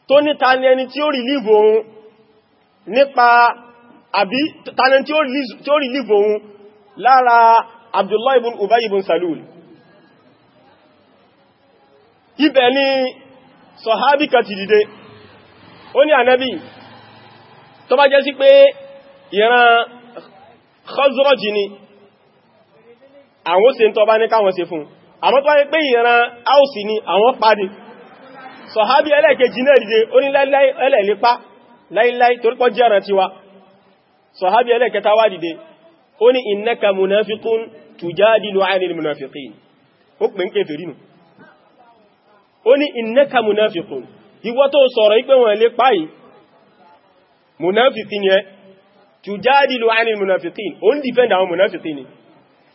tó ní tani ẹni tí ó rìlíìfù òun nípa àbí tani tí ó rìlíìfù òun lára Abdullah ibn Ubay ibn Salul ibẹ̀ ni sọ̀hábì kan ti dìde ó ní ànẹ́bí tó bá jẹ́ sí pé ìran Khazraj àwọn ṣe ń tọ́ bá ní káwọn ṣe fún àmọ́ tó wáyé pé ìran áùsì ni àwọn pàdé sọ̀hábí ẹlẹ́ẹ̀kejì náà dìde ó ní ẹlẹ́ẹ̀lépa láíláí torípọ̀ jẹ́ràn tiwa sọ̀hábí ẹlẹ́ẹ̀kẹta wá dìde ó ní innaka munafiqun tujadilu 'anil munafiqin ó pè ń kéfèrí nù ó ní innaka munafiqun ìwọ tó sọ̀rọ̀ ipé wọn lè páyì munafiqin yẹ tujadilu 'anil munafiqin ó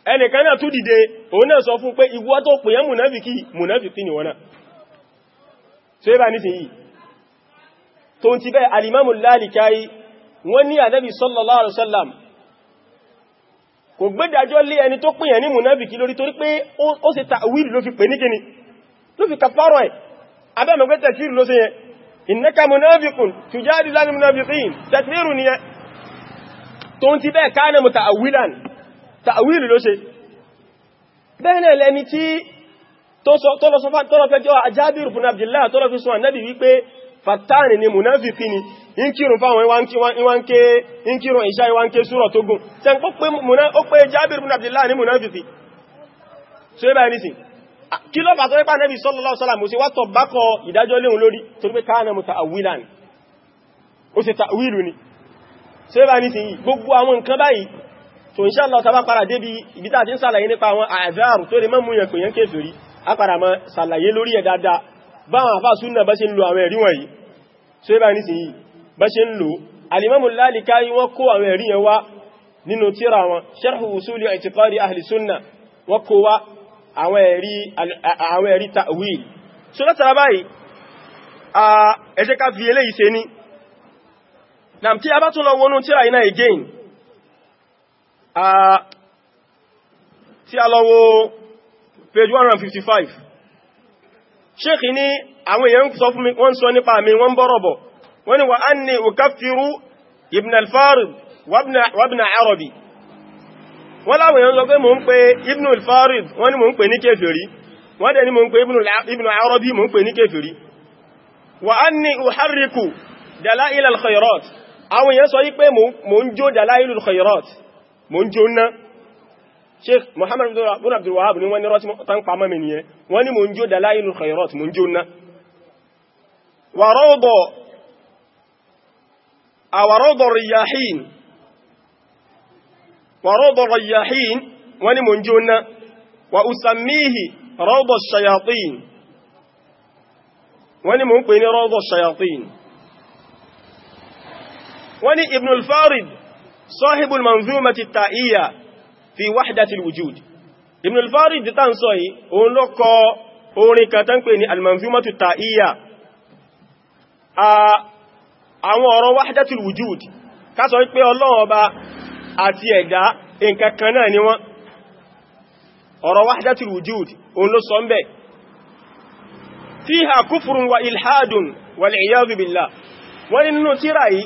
ẹnìkan náà tó dìde òun náà sọ fún pé ìwọ tó pè é mùnáfìkì mùnáfìkì ni wọ́n náà tó yẹ́ bá ní ti yìí tó ti bẹ́ alìmọ́mù lálìkáyí wọ́n ní ànábì sallallahu alaihi wasallam kò gbẹ́dàjọ́ lé ẹni tó pìyàn ní mùnáfìkì lórí torí pé ó ṣe ta'wil ló fi pè ní kíni ló fi kàfàrọ̀ ẹ̀ abẹ́mọ̀gbẹ́ tẹ̀síìrì ni yẹn kana muta'awwilan tàwílù ló ṣe bẹ́ẹ̀nẹ̀ lẹ́ni tí tọ́lọ́fẹ́jọ́ ajábìrù fún abdìlá tọ́lọ́fẹ́ sọ ànábì wípé fàtàní ni munafiki ni in kírun fáwọn ìwánké in kírun ìṣá ìwánké súrọ̀ tó gùn tẹ́ ń pẹ́ jábìrù fún abdìlá ní munafiki so ibà ní sí kí ló fà tó rípa nẹ́bì sallallahu alaihi wasallam mo sì wá tọ̀ bákọ ìdájọ́ léhun lórí torí pé káà náà mo ta àwílà ni ó sì gbogbo àwọn nǹkan báyìí so inshallah tá bá para débi ibi tá a ti ń sàlàyé nípa àwọn àdáàrù tó lè mọ́ mú yẹn pèyàn kéfèrí a padà mọ́ sàlàyé lórí ẹ̀ dáadáa báwọn àfà súnà bá ṣe ń lo àwọn ẹ̀rí wọ̀nyí so ibà ní sìn yìí bá ṣe ń lo alimamu lálìkáyí wọ́n kó àwọn ẹ̀rí yẹn wá nínú tíra wọn sharhu usuli i'tiqadi ahli sunna wọ́n kó wá àwọn ẹ̀rí àwọn ẹ̀rí ta'wil so látara báyìí ẹ jẹ́ ká fi eléyìí ṣe ní tí a lọ wo page 155 sheikh ní àwọn èèyàn sọ fún mi wọ́n sọ nípa mi wọ́n bọ́rọ̀bọ̀ wọ́n ní wa anni ukaffiru ibn al-farid wa ibn arabi wọ́n láwọn èèyàn sọ pé mo ń pè ibn al-farid wọ́n ní mo ń pè ní kèfèrí wọ́n dẹ̀ ní mo ń pè ibn al-khayrat mo ń sheikh muhammad bin abdul wahab ni wọ́n ní rọ́tí tán pàmọ́ mi nìyẹn wọ́n ní mo ń jó dalailul khairat mo wa rawda wa riyahin wa rawda riyahin wọ́n ní mo ń wa usammihi rawda shayatin wọ́n ní mo pè ní rawda shayatin wọ́n ní ibn al-farid sahibul manzumati ta'iyya fi wahdati al-wujud ibn al-farid tan sọ yìí òun ló kọ orin kan tán pè ní al-manzumatu ta'iyya àwọn ọ̀rọ̀ wahdati al-wujud ká sọ wípé ọlọ́run ọba àti ẹ̀dá nǹkan kan náà ni wọ́n ọ̀rọ̀ wahdati wujud òun ló sọ wọ́n nínú tíra yìí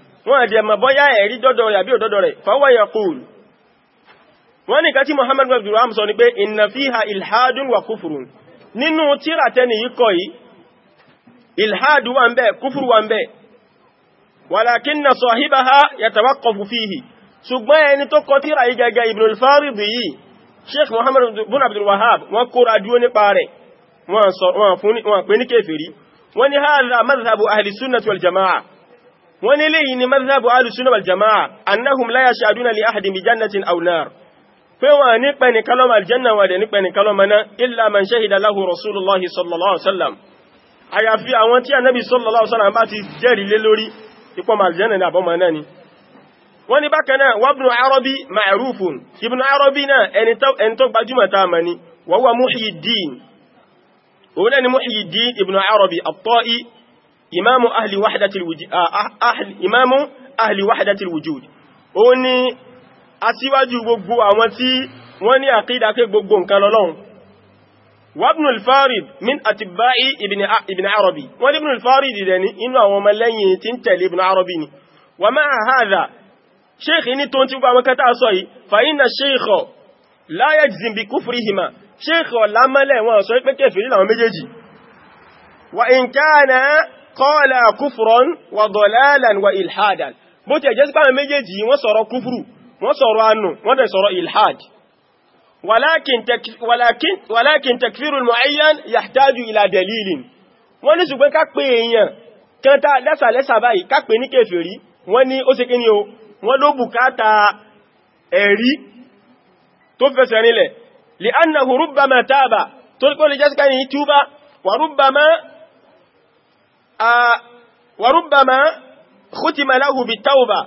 wọ́n ẹ̀dẹ̀ mọ̀ bọ́yá ẹ̀rí dọ́dọ̀ rẹ̀ àbí òdọ́dọ̀ rẹ̀ fàwọ́yà kúl wọ́n ní kàtí Muhammad bin Abdul Rahman sọ ni pé inna fiha ilhadun wa kufurun nínú tíra tẹ́ni yìí kọ yìí ń bẹ kúfùrù wà ń bẹ walakinna sahibaha yatawaqqafu fihi ṣùgbọ́n wọ́n kóra dúó nípa rẹ̀ wọ́n pè wọ́n ní léyìn ni mazhabu alùsùnà wal jama'a annahum la yashaduna li ahadin bi jannatin aw nar pé wọ́n ní pẹni kalọ́mà aljanna wà dẹ̀ ní pẹni kalọ́mà náà illa man shahida lahu rasulullahi sallallahu alaihi wasallam àyàfi àwọn tí anábi sallallahu alaihi wasallam ti jẹ́rìí òun náà ni muhyiddin ibn arabi at-ta'i imamu ahli wahdatil wujud ah, ah, ahli imamu ahli wahdatil wujud ó ní aṣíwájú gbogbo àwọn tí wọ́n ní aqida pé gbogbo nǹkan lọ́lọ́hun wa ibn al-farid min atibba'i ibn ah, ibn arabi wa ibn al-farid dani inú àwọn malayin tin tẹ̀lé ibn arabi ni wa ma hadha sheikh ni ton ti gbogbo àwọn kan tá sọ yìí fa inna sheikh la yajzim bi kufrihima sheikh la male wọ́n sọ pé kèfèrí làwọn méjèèjì wa in kana qala kufran wa dalalan wa ilhadan bó ti ẹ̀jẹ́ sípàmì méjèèjì wọ́n sọ̀rọ̀ kúfùrù wọ́n sọ̀rọ̀ anù wọ́n dẹ̀ sọ̀rọ̀ ilhad walakin takfiru al-mu'ayyan yahtaju ila dalilin wọ́n ní ṣùgbọ́n ká pé èèyàn kan tá lẹ́sàlẹ́sà báyìí ká pè ní kèfèrí wọ́n ní ó ṣe kí ni o wọ́n ló bùkátà ẹ̀rí tó fẹsẹ̀ rinlẹ̀ li'annahu rubbama taba rubbama warubama khutima lahu bitawba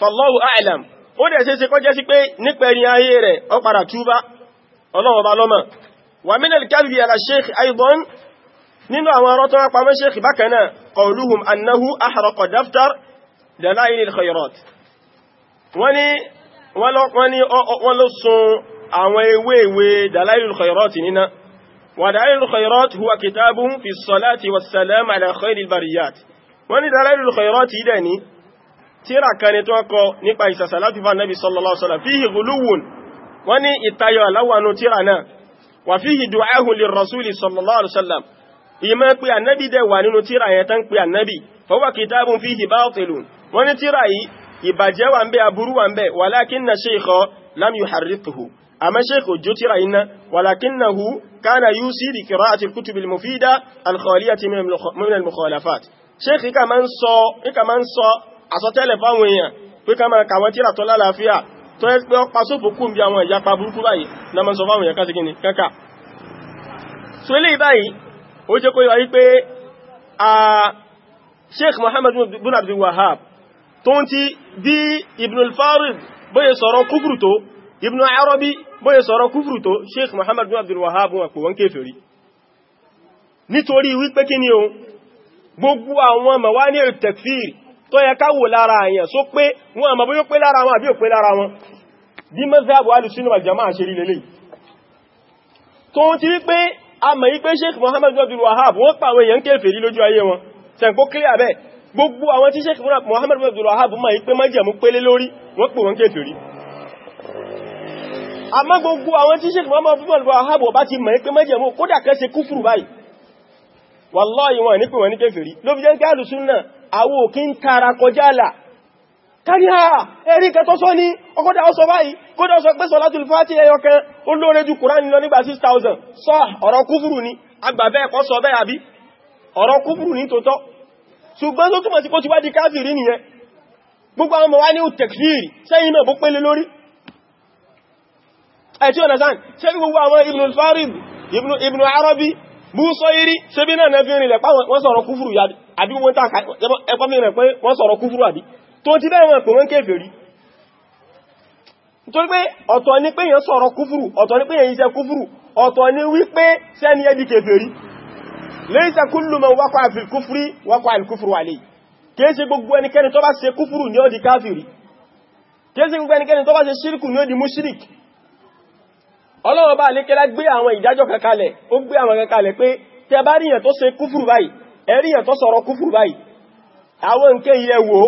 fallahu a'lam ó dẹ̀ ṣeéṣe kó jẹ́ sí pé nípẹ̀rin ayé rẹ̀ ó padà túbá Ọlọ́run Ọba ló mọ̀ wa min al-kadhibi ala sheikh aidan nínú àwọn ọ̀rọ̀ tó pamọ́ sheikh bákan annahu ahraqa daftar dalail al ودلائل الخيرات هو كتاب في الصلاة والسلام على خير البريات وان دلائل الخيرات داني ترى كانت وكو نيبا إسا صلاة فالنبي صلى الله عليه وسلم فيه غلو وان إتايو لوانو ترانا وفيه دعاه للرسول صلى الله عليه وسلم إما قوي النبي دي وانو ترى يتن قوي النبي فهو كتاب فيه باطل وان إباجة وانبي أبرو وانبي ولكن الشيخ لم يحرقه أما شيخ الجتر إن ولكنه كان يوصي لقراءة الكتب المفيدة الخالية من المخالفات شيخ كمان صو كمان صو أصتل فاوية كما كواتيرة طلال فيها tó ẹ́ pé ọpa sófò kún bí àwọn ìyapa burúkú báyìí na mọ́ sọ fáwọn ìyàká sí gíní kẹ́kà so ilé ìbáyìí ó jẹ́ kó yíwa wípé a Sheikh Muhammad bin Abdul Wahhab tó ń Ibn al-Farid bóyẹ sọ̀rọ̀ kúkúrù tó ibn arabi bóyẹ sọ̀rọ̀ kúfùrù tó sheikh muhammad bin abdul wahab wọn kò wọ́n kéfèrí nítorí wípé kí ni o gbogbo àwọn mawani takfir tó yẹ káwò lára àyàn só pé wọn àmà bóyó pé lára wọn àbí ò pé lára wọn bí mazhab al-sunnah wal jama'ah ṣe rí lélẹ̀ tó ti wípé a mọ̀ yí pé sheikh muhammad bin abdul wahab wọ́n pa àwọn èèyàn kéfèrí lójú ayé wọn tẹ̀kó clear bẹ́ẹ̀ gbogbo àwọn tí sheikh muhammad bin abdul wahab mọ̀ yí pé májẹ̀mú pélé lórí wọ́n pè wọ́n kéfèrí àmọ́ gbogbo àwọn tí Sheikh Muhammad bin Abdul Wahhab bá ti mọ̀ pé májẹ̀mú kódà kan ṣe kúfùrù báyìí wallahi wọn ní pé wọn ní kèfèrí ló fi jẹ́ kí àlùsùn náà àwọn òkè ń tara kọjá là kárí ha ẹ̀rí kẹtọ́ sọ ní ọkọ́dá ọsọ báyìí kódà ọsọ pé Salatul Fatiha ẹyọ kan ó lóore ju Kùránì lọ nígbà 6000 sọ ni agbàbẹ́ ẹ̀kọ́ sọ bẹ́ẹ̀ àbí ọ̀rọ̀ kúfùrù ṣùgbọ́n tó túnmọ̀ sí kó ti wá di káfìrí nìyẹn gbogbo àwọn ọmọ wá ní ò tẹ̀kfìrí sẹ́yìn náà bó pẹ́lẹ̀ lórí ẹ̀tí ọ̀nàzán ṣe bí gbogbo àwọn ibn al-farid ibn arabi busayri ṣe bí náà nẹ́fí rìnlẹ̀ pá wọ́n sọ̀rọ̀ kúfùrù yàbí àbí wọ́n tàkà ẹ̀pọ́ mìíràn pé wọ́n sọ̀rọ̀ kúfùrù àbí tó ti bẹ́ẹ̀ wọn pè wọ́n kèfèrí nítorí pé ọ̀tọ̀ ni pé yẹn sọ̀rọ̀ kúfùrù ọ̀tọ̀ ni pé yẹn iṣẹ́ kúfùrù ọ̀tọ̀ ni wípé sẹ́ni ẹ̀dì kèfèrí laysa kullu man waqa'a fil kufri waqa'a al-kufru alayhi gbogbo ẹnikẹ́ni tó bá ṣe kúfùrù ní ó di káfìrí kìí ọlọ́run bá lékẹ́lá gbé àwọn ìdájọ́ kankalẹ̀ ó gbé àwọn kankalẹ̀ pé tẹ bá ríyàn tó ṣe kúfùrù báyìí ẹ̀ríyàn tó sọ̀rọ̀ kúfùrù báyìí àwọn nǹkan yìí wò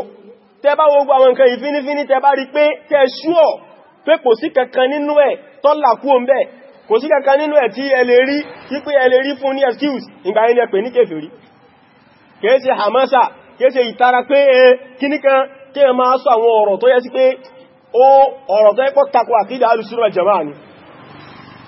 tẹ bá wo gbogbo àwọn nǹkan yìí fínífíní tẹ bá rí pé tẹ ṣúọ̀ pé kò sí kankan nínú ẹ̀ tó làkú òǹbẹ̀ hamasa kìí ṣe ìtara pé ẹ kíníkan kí ẹ máa sọ àwọn ọ̀rọ̀ tó yẹ ó ọ̀rọ̀ tó yẹ pọ́ tako àkídà alùsùrọ̀ jama'a ni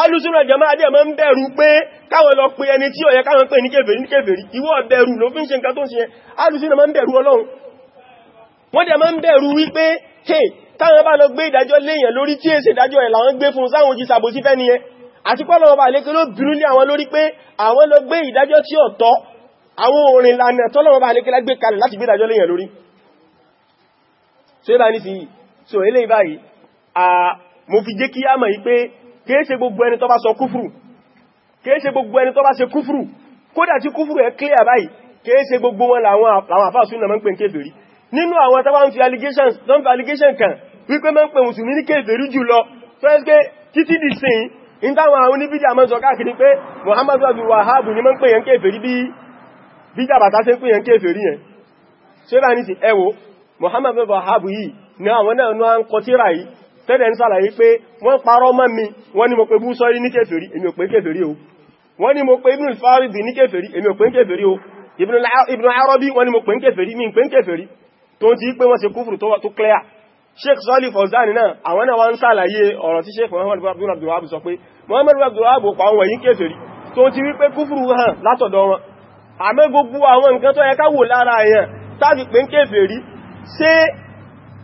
alùsùnà jama adé ma ń bẹ̀rù pé káwọn lọ pé ẹni tí ó yẹ káwọn pè ní kèfèrí ní kèfèrí ìwọ bẹ̀rù ló fi ń ṣe nǹkan tó ń ṣe alùsùnà ma ń bẹ̀rù ọlọ́run wọ́n dẹ̀ ma ń bẹ̀rù wípé hey táwọn bá lọ gbé ìdájọ́ léèyàn lórí tí èsè ìdájọ́ ẹ̀ làwọn gbé fún sáwọn ojí sàbòsí fẹ́ niyẹn àti pọ́lọ̀ ọba àlékẹ́ ló bínú lé àwọn lórí pé àwọn lọ gbé ìdájọ́ tí ọ̀tọ̀ àwọn òrìn lànà tọ́lọ̀ ọba mo fi jẹ́ kí á mọ̀ yí pé kéése gbogbo ẹni tó bá sọ kúfùrù kéése gbogbo ẹni tó bá ṣe kúfùrù kódà tí kúfùrù ẹ clear báyìí kéése gbogbo wọn làwọn àfáàsún náà mọ́ ń pè kéfèrí nínú àwọn tó bá ń fi allegations tó ń fi allegation kan wípé mọ́ ń pè mùsùlùmí ní kéfèrí jùlọ tó ẹ́ pé títí di sin in táwọn ni mọ́ ń pè yẹn kéfèrí bí bíjà bàtà ṣe ń pè yẹn kéfèrí yẹn ṣé bá ní sí ni àwọn náà ń tẹ́lẹ̀ ń sàlàyé pé wọ́n parọ́ mọ́ mi wọ́n ní mo pé búsọ́rí ní kèfèrí èmi ò kèfèrí o wọ́n ní mo pé ibn al-Faridi ní kèfèrí èmi ò kèfèrí o ibn al-Arabi wọ́n ní mo pé kèfèrí mi pé kèfèrí tó ti pé wọ́n ṣe kúfùrù tó clear sheikh sọ́lì fọ̀zán náà àwọn náà wọ́n ń sàlàyé ọ̀rọ̀ tí sheikh Muhammad abdul abdulwahab sọ pé Muhammad abdulwahab pa àwọn èyí kèfèrí tó ti wípé kúfùrù hàn látọ̀dọ̀ wọn àmẹ́ gbogbo àwọn nǹkan tó yẹ ká wò lára èèyàn tàbí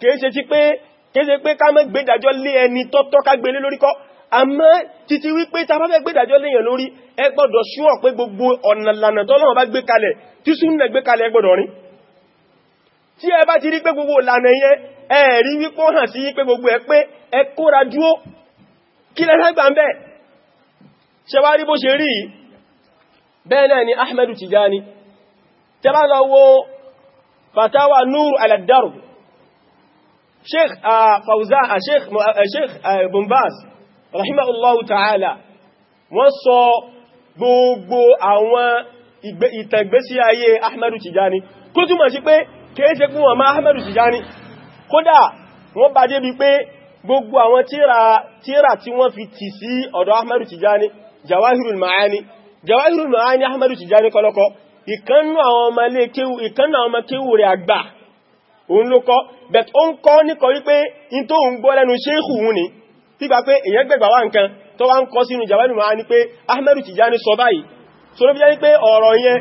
kéése tí pé kéése pé ká mọ́ gbédàjọ́ lé ẹni tọ́tọ́ ká gbélé lórí kọ́ àmọ́ títí wípé ta bá fẹ́ gbédàjọ́ léyàn lórí ẹ gbọ́dọ̀ ṣúọ̀ pé gbogbo ọ̀nà lànà tọ́lọ́wọ́ bá gbé kalẹ̀ tí súnnà gbé kalẹ̀ ẹ gbọ́dọ̀ rìn tí ẹ bá ti rí pé gbogbo lànà yẹn tẹ́bá lọ wo fatawa Nur al شيخ fauza sheikh uh, uh, sheikh uh, bumbaz rahimahullahu ta'ala wọ́n sọ gbogbo àwọn ìtẹ̀gbésí ayé ahmadu tijani kó túnmọ̀ sí pé kéése kún wọn má ahmadu tijani kódà wọ́n bá débi pé gbogbo àwọn tíra tí wọ́n fi tì sí ọ̀dọ̀ ahmadu tijani jawahirul ma'ani jawahirul ma'ani ahmadu tijani kọlọkọ ìkannú àwọn ọmọ kéwú rẹ̀ àgbà òun ló kọ́ but ó ń kọ́ níkọ wípé in tó ń gbọ́ lẹ́nu ṣéèkù òun ni pípa pé èyàn gbẹ̀gbà wá nǹkan tó wá ń kọ́ sínú jàwálù máa ní pé Ahmadu Tijani sọ báyìí so ló fi jẹ́ pé ọ̀rọ̀ yẹn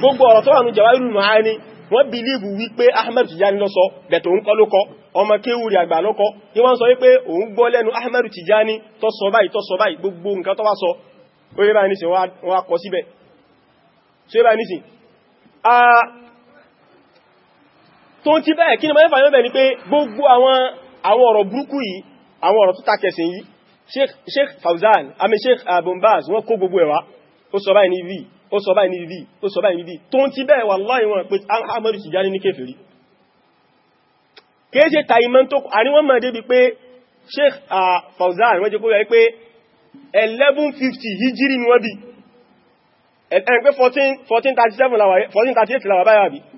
gbogbo ọ̀rọ̀ tó wà ní jàwálù máa ní wọ́n bìlíìbù wípé Ahmadu Tijani ló sọ but òun kọ́ ló kọ́ ọmọ kéwùrì àgbà ló kọ́ ní wọ́n sọ wípé òun gbọ́ lẹ́nu Ahmadu Tijani tó sọ báyìí tó báyìí gbogbo nǹkan tó wá sọ ó yẹ báyìí nísìn wọ́n á kọ síbẹ̀ tó ń ti bẹ́ẹ̀ kí ni mọ́ ẹ́fà yọ́bẹ̀ ni pé gbogbo àwọn ọ̀rọ̀ burúkú yìí àwọn ọ̀rọ̀ tó takẹsìn yìí Sheikh Fauzan àmì Sheikh uh, Bombaz wọ́n kó gbogbo ẹ̀wá ó sọ báyìí níbi ó sọ báyìí níbi ó sọ báyìí níbi tó ń ti bẹ́ẹ̀ wallahi wọ́n pé Ahmadu Tijani ní kèfèrí kìí ṣe tàìmọ́ tó àríwọ́n mọ̀ débi pé Sheikh uh, Fauzan wọ́n jẹ́ kó yẹ pé 1150 hijiri ni wọ́n bí 1437 làwà 1438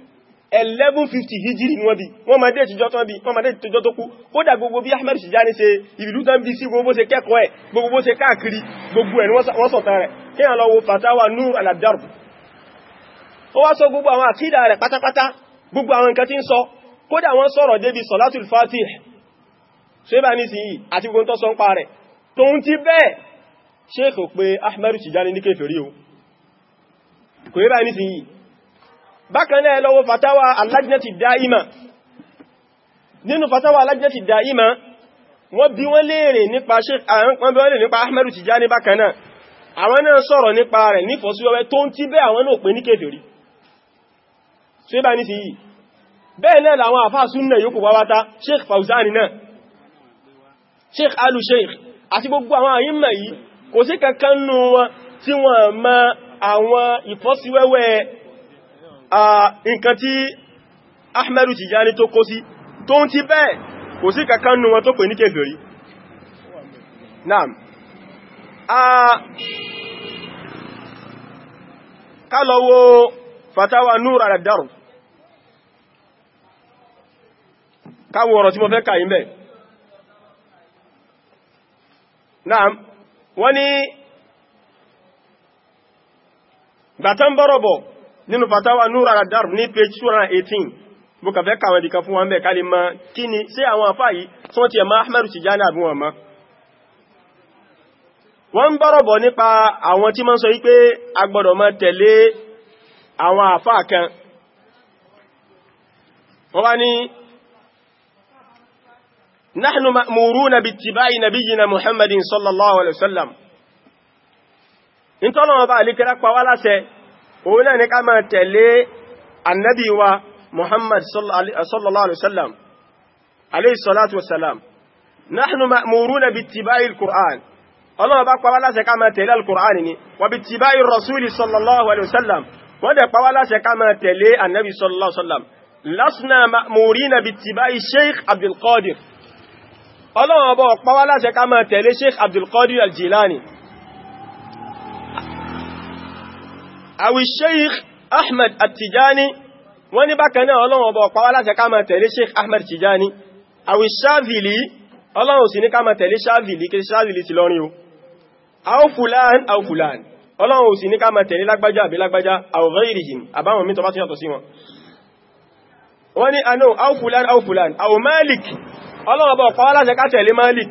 1150 hijiri ni wọ́n bí wọ́n máa dé ìtìjọ́ tán bí wọ́n máa dé ìtìjọ́ tó kú kódà gbogbo bí Ahmed Tijani ṣe ìbìlú tán bí sí gbogbo ṣe kẹ́kọ̀ọ́ ẹ̀ gbogbo ṣe káàkiri gbogbo ẹ̀ ni wọ́n sọ̀tàn rẹ̀ kí à lọ wo fatawa Nur al-Darb ó wá sọ gbogbo àwọn àkídà rẹ̀ pátápátá gbogbo àwọn nǹkan tí ń sọ kódà wọ́n sọ̀rọ̀ débi Salatul Fatih bákan náà lọ́wọ́ fatawa alájínẹ́tì dáímà nínú fatawa alájínẹ́tì dáímà wọ́n bi wọ́n léèrè nípa Sheikh wọ́n bi wọ́n léèrè Tijani bákan náà àwọn náà sọ̀rọ̀ nípa rẹ̀ ní fọ́síwẹ́wẹ́ tó ń tí bẹ́ẹ̀ àwọn náà pè ní kèfèrí tí ó bá ní Sheikh Fawzani náà Sheikh Alu Sheikh àti gbogbo àwọn àyímọ̀ yìí kò sí kankan nù wọn tí wọ́n ma àwọn nǹkan tí Ahmadu Tijani tó kó sí tó ń ti bẹ́ẹ̀ kò sí kankan nù wọn tó pè ní kèfèrí naam ká fatawa Nur al-Darb ọ̀rọ̀ tí mo fẹ́ kàyí mẹ́ nínú fatawa nur aladar ní page 218 bó kàfẹ́ kàwọn ìdìkan fún wọn bẹ̀ kálí ma kí ni ṣé àwọn àfá yìí tí wọ́n ti ẹ̀mọ́ ahmed tijani àbí wọn ma wọ́n ń bọ́rọ̀ bọ̀ nípa àwọn tí ma ń sọ wípé a gbọ́dọ̀ máa tẹ̀lé àwọn àfá kan wọ́n wá ní nahnu ma'muruna bi ittiba'i nabiyyina muhammadin sallallahu alaihi wasallam in tọ́lọ́wọ́ bá àlíkẹ́rẹ́ pa wá láṣẹ òun náà ní ká máa tẹ̀lé annabi wa muhammad sallallahu alaihi wasallam alaihi salatu wasalam nahnu ma'muruna bi ittiba'i al-qur'an ọlọ́run bá pàwọ́ láṣẹ ká máa tẹ̀lé al-qur'an ni wa bi ittiba'i rasuli sallallahu alaihi wasallam wọ́n dẹ̀ pàwọ́ láṣẹ ká máa tẹ̀lé annabi sallallahu alaihi wasallam lasna ma'murina bi ittiba'i àwì sheikh ahmed at-tijani wọ́n ní bákan náà ọlọ́run ọba ọ̀pá wá láti ká máa tẹ̀lé sheikh ahmed tijani àwì shazili ọlọ́run sì ní ká máa tẹ̀lé shazili kí shazili ti lọ́rin o aw fulan aw fulan ọlọ́run sì ní ká máa tẹ̀lé lágbájá àbí lágbájá aw ghayrihim àbáwọn mi tó bá tún yàtọ̀ sí wọn wọ́n ní anú ah, aw fulan aw fulan ọba ọ̀pá wá láti ká tẹ̀lé malik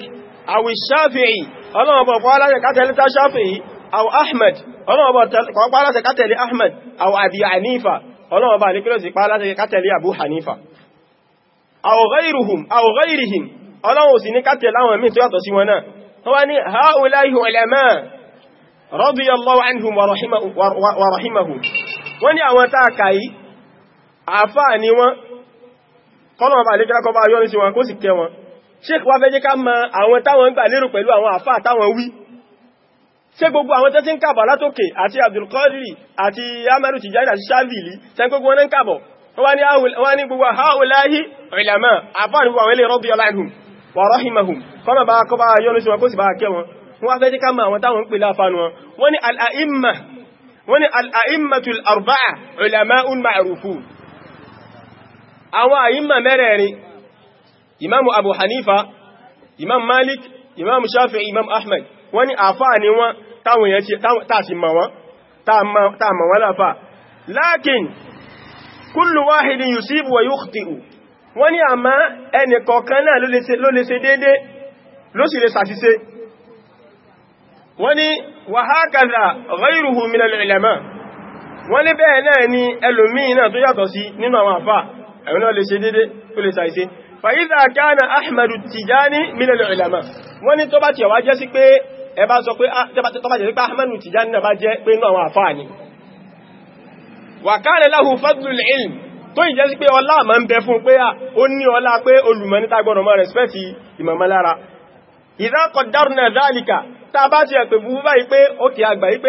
àwì shafi'i ọlọ́run ọba ọ̀pá wá láti ká tẹ̀lé aw ahmed ọlọ́ọ̀bá kọ pa láti kátẹ̀lé ahmed aw abi hanifa ọlọ́ọ̀bá ní kílọ̀sì pa láti kátẹ̀lé abu hanifa aw ghayruhum aw ghayrihim ọlọ́wọ̀ sí ní kátẹ̀lé àwọn mí tó yàtọ̀ sí wọn náà wọ́n ni haulahi ulama radiyallahu anhum wa rahimahum wọ́n ni àwọn táa kàyí àfà ni wọ́n kọ́lọ̀ọ̀bá ní kílọ̀kọ́ bá yọ́ ṣé gbogbo àwọn tẹ́sí ń kàbọ̀ látòkè àti abdulkadiri àti amaru tijani àti shavili tẹ́ gbogbo wọn ń kàbọ̀ wọ́n ní gbogbo haulahi ulama àfáàní gbogbo àwọn ilé radiyallahu anhum wa rahimahum kọ́nà bá kọ́ bá yọ́nu sí wọn kó sì bá kẹ́ wọn wọ́n fẹ́ jíká ma àwọn táwọn ń pè láfánú wọn wọ́n ní al'a'imma imam malik imam shafi imam ahmad wọ́n ní àfáà ni wọ́n táwọn èèyàn ti tààsì mọ̀ wọ́n tààmà wọ́n láfà lákín kúlù wáhìdì yusibu wa yukhti'u wọ́n ní àmá ẹnì kọ̀ọ̀kan náà ló lè ṣe déédé ló sì lè ṣàṣìṣe wọ́n ní wa hakadha ghayruhu min al-ulama wọ́n ní bẹ́ẹ̀ náà ni ẹlòmíì náà tó yàtọ̀ sí nínú àwọn àfà bá ti wá jẹ́ sí pé ẹ bá sọ pé ah, tọ́bàjẹ̀ pé ahmadu tijani náà bá jẹ́ pé inú àwọn àfáà ni wa kana lahu fadlul ilm tó ìjẹ́ sí pé ọlá ma ń bẹ fún pé ah, ó ní ọlá pé olùmọ̀ níta gbọ́nà mọ́ rẹ̀spẹ́tì ìmọ̀mọ́lára idha qaddarna dhalika tá bá ti ẹ̀pẹ̀ bú báyìí pé ó kì àgbà yí pé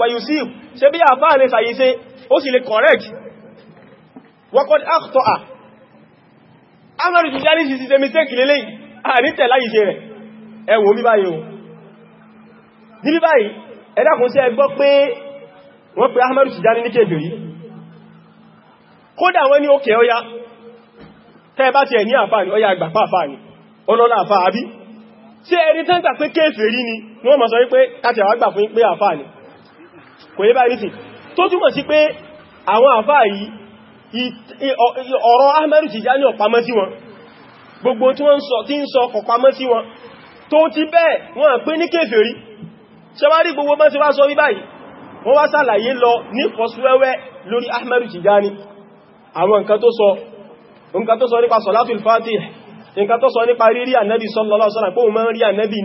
wa yusib ṣe bí àfáà lè sàyíṣe ó sì lè correct wọ́kọ́dí àkùtọ́ à amẹ́rù ti já ní ṣe ṣe mistake lélẹ́ àrítẹ̀ láyé ṣe rẹ̀ ẹwọ bí báyìí o ní bí báyìí ẹ̀dàkùn sí ẹgbọ́ pé wọ́n pè amẹ́rù ti já ní kéèkè rí kódà wọ́n ní ókè ọya tẹ́ bá ti ẹ̀ ní ni wọ́n mọ̀ sọ wípé káti àwọn àgbà fún pé àfáàní kò yé báyìí sí ọ̀rọ̀ Ahmadu Tijani ọ̀pamọ́ sí wọn gbogbo tí wọ́n sọ tí ń sọ kọ̀pamọ́ sí wọn tó ti bẹ́ẹ̀ wọ́n pé ní kèfèrí ṣẹwárí gbogbo bá ti wá sọ wíbáyìí wọ́n wá sàlàyé lọ ní fọ́súwẹ́wẹ́ lórí Ahmadu Tijani àwọn nǹkan tó sọ nǹkan tó sọ nípa Salatul Fatih nǹkan tó sọ nípa rírí Ànábì sallallahu alaihi wasallam pé òun máa ń rí Ànábì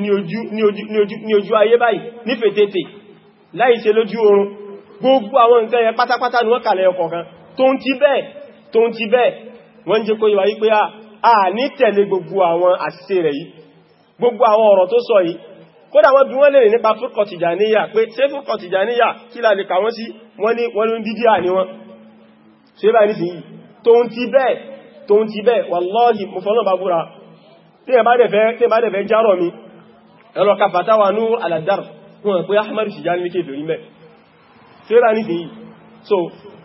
ní ojú ayé báyìí ní fètètè láìṣe lójú oorun gbogbo àwọn nǹkan yẹn pátápátá ni wọ́n kàlẹ̀ ọkọ̀ọ̀kan tó ń ti bẹ́ẹ̀ tó ń ti bẹ́ẹ̀ wọ́n jẹ́ kó yíwa wípé a ní tẹ̀lé gbogbo àwọn àṣìṣe rẹ̀ yìí gbogbo àwọn ọ̀rọ̀ tó sọ yìí kódà wọ́n bí wọ́n lè nípa fúrkọ̀ tìjàníyà pé ṣé fúrkọ̀ tìjàníyà kí la lè kà wọ́n sí wọ́n ní wọ́n ní dídí àní wọ́n ṣe bá nísìnyí tó ń ti so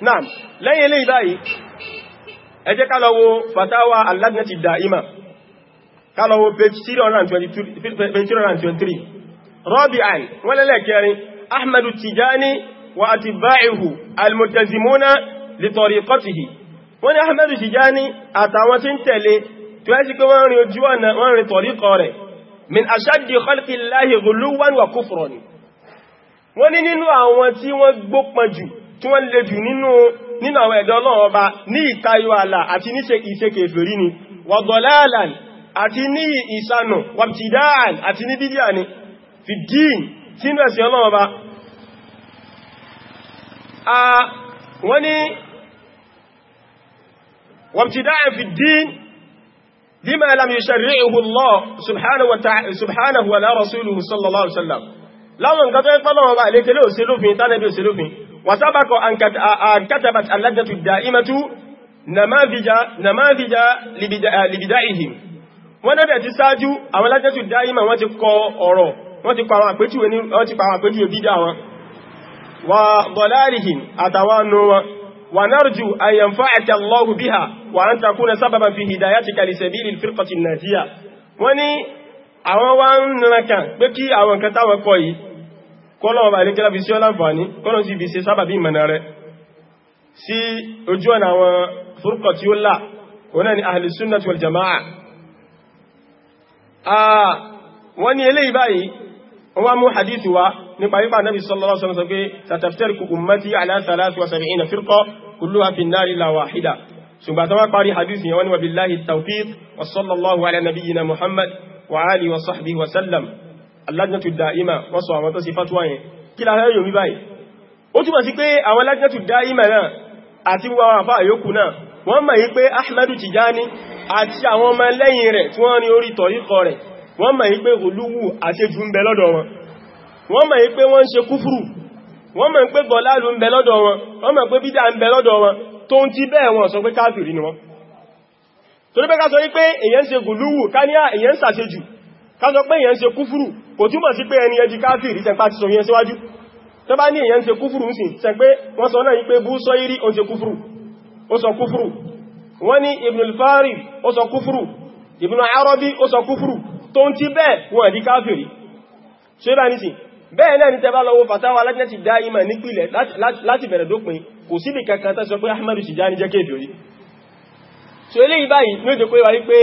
náà lẹ́yìn ilé ìbáyìí ẹ jẹ́ ká lọ wo fatawa aladinati da'ima ká lọ wo page 323 rabi'an wọ́n lẹ́lẹ́kẹrin ahmadu tijani wa atibba'ihu almutazimuna litoriqatihi wọ́n ni ahmadu tijani àtàwọn tí ń tẹ̀lé tí wọ́n sí pé wọ́n rin ojú ọ̀nà wọ́n rin tọ̀ríkọ rẹ̀ min ashaddi khalqillahi ghuluwan wa kufran wọ́n ní nínú àwọn tí wọ́n gbópọn tí wọ́n lè jù nínú àwọn ẹ̀dọ́ náà ọba ní ìtayọ àlà àti ní ìṣẹ́kẹ̀ èfèrí ni wọ̀gọ̀láàlàn àti ní ìsànà wàbtìdáàn àti ní bídíà ni fi dín sínú ẹ̀sìn ọlọ́run ọba Allah subhanahu wa ta'ala subhanahu wa la rasuluhu sallallahu alaihi wasallam láwọn nǹkan tó ń pọ́lọ́wọ́ bá ilé tẹ́lẹ̀ òṣèlúfin tánẹ́bí òṣèlúfin وسبق أن كتبت اللجنة الدائمة نماذج نماذج لبدائهم wọ́n dẹ̀ ti sáájú àwọn lájẹ́tù dáímà wọ́n ti kọ ọ̀rọ̀ wọ́n ti pàwọn àpéjúwe ní wọ́n ti pàwọn àpéjúwe bídá wọn wà dọ̀láàrìhìn àtàwọn wọn wà nárjù àyànfà àti allọ́hù bí ha wà ń takúnà sábàbà fi hìdáyà ti kàlìsẹ̀bí kọ́lọ́wọ́ bá ilékẹ́lá fi sí ọláǹfààní kọ́lọ́ sí ibi ṣe sábàbí ìmọ̀nà rẹ̀ sí ojú ọ̀nà àwọn fúrúkọ̀ tí ó là oná ni ahìlìsúnnà tí wal jama'a wọ́n ni eléyìí báyìí wọ́n mú hadithu wa nípa wípa nabi sallallahu alaihi wasallam pé sataftariqu ummati ala thalath wa sab'ina firqa kulluha fi an-nar illa wahida ṣùgbà tó wá parí wa sallam alájẹ́tù dáìmà wọ́n sọ àwọn tó sí fatuwa yẹn kí láàrẹ́ yóò rí báyìí ó túnmọ̀ sí pé àwọn alájẹ́tù dáìmà náà àti wọ́n mọ̀ yí pé Ahmadu Tijani àti àwọn ọmọ lẹ́yìn rẹ̀ tí wọ́n rí orí tọ̀ríkọ rẹ̀ wọ́n mọ̀ yí pé olúwù àti jù ń bẹ lọ́dọ̀ wọn wọ́n mọ̀ yí pé wọ́n ń ṣe kúfùrù wọ́n mọ̀ pé gọláàlù ń bẹ lọ́dọ̀ wọn wọ́n mọ̀ pé bídà ń bẹ lọ́dọ̀ wọn tó ń ti bẹ́ẹ̀ kò túmọ̀ sí pé ẹni ẹdí káfìrí sẹ́pá ti sọ yẹn síwájú tó bá ní èyàn ń ṣe kúfùrù sí sẹ́pé wọ́n sọ náà yí pé bú sọ irí ó ṣe kúfùrù ó sọ kúfùrù wọ́n ní ibn al-fari ó sọ kúfùrù ibn arabi ó sọ kúfùrù tó ń ti bẹ́ẹ̀ wọ́n ẹ̀dí káfìrí ṣe bá ní sí bẹ́ẹ̀ náà ní tẹbá lọ́wọ́ fatawa lajnati daima nípìlẹ̀ láti bẹ̀rẹ̀ dópin kò síbi kankan tó sọ pé ahmadu Tijani jẹ́ kéfìrí so eléyìí báyìí pé wà ní pé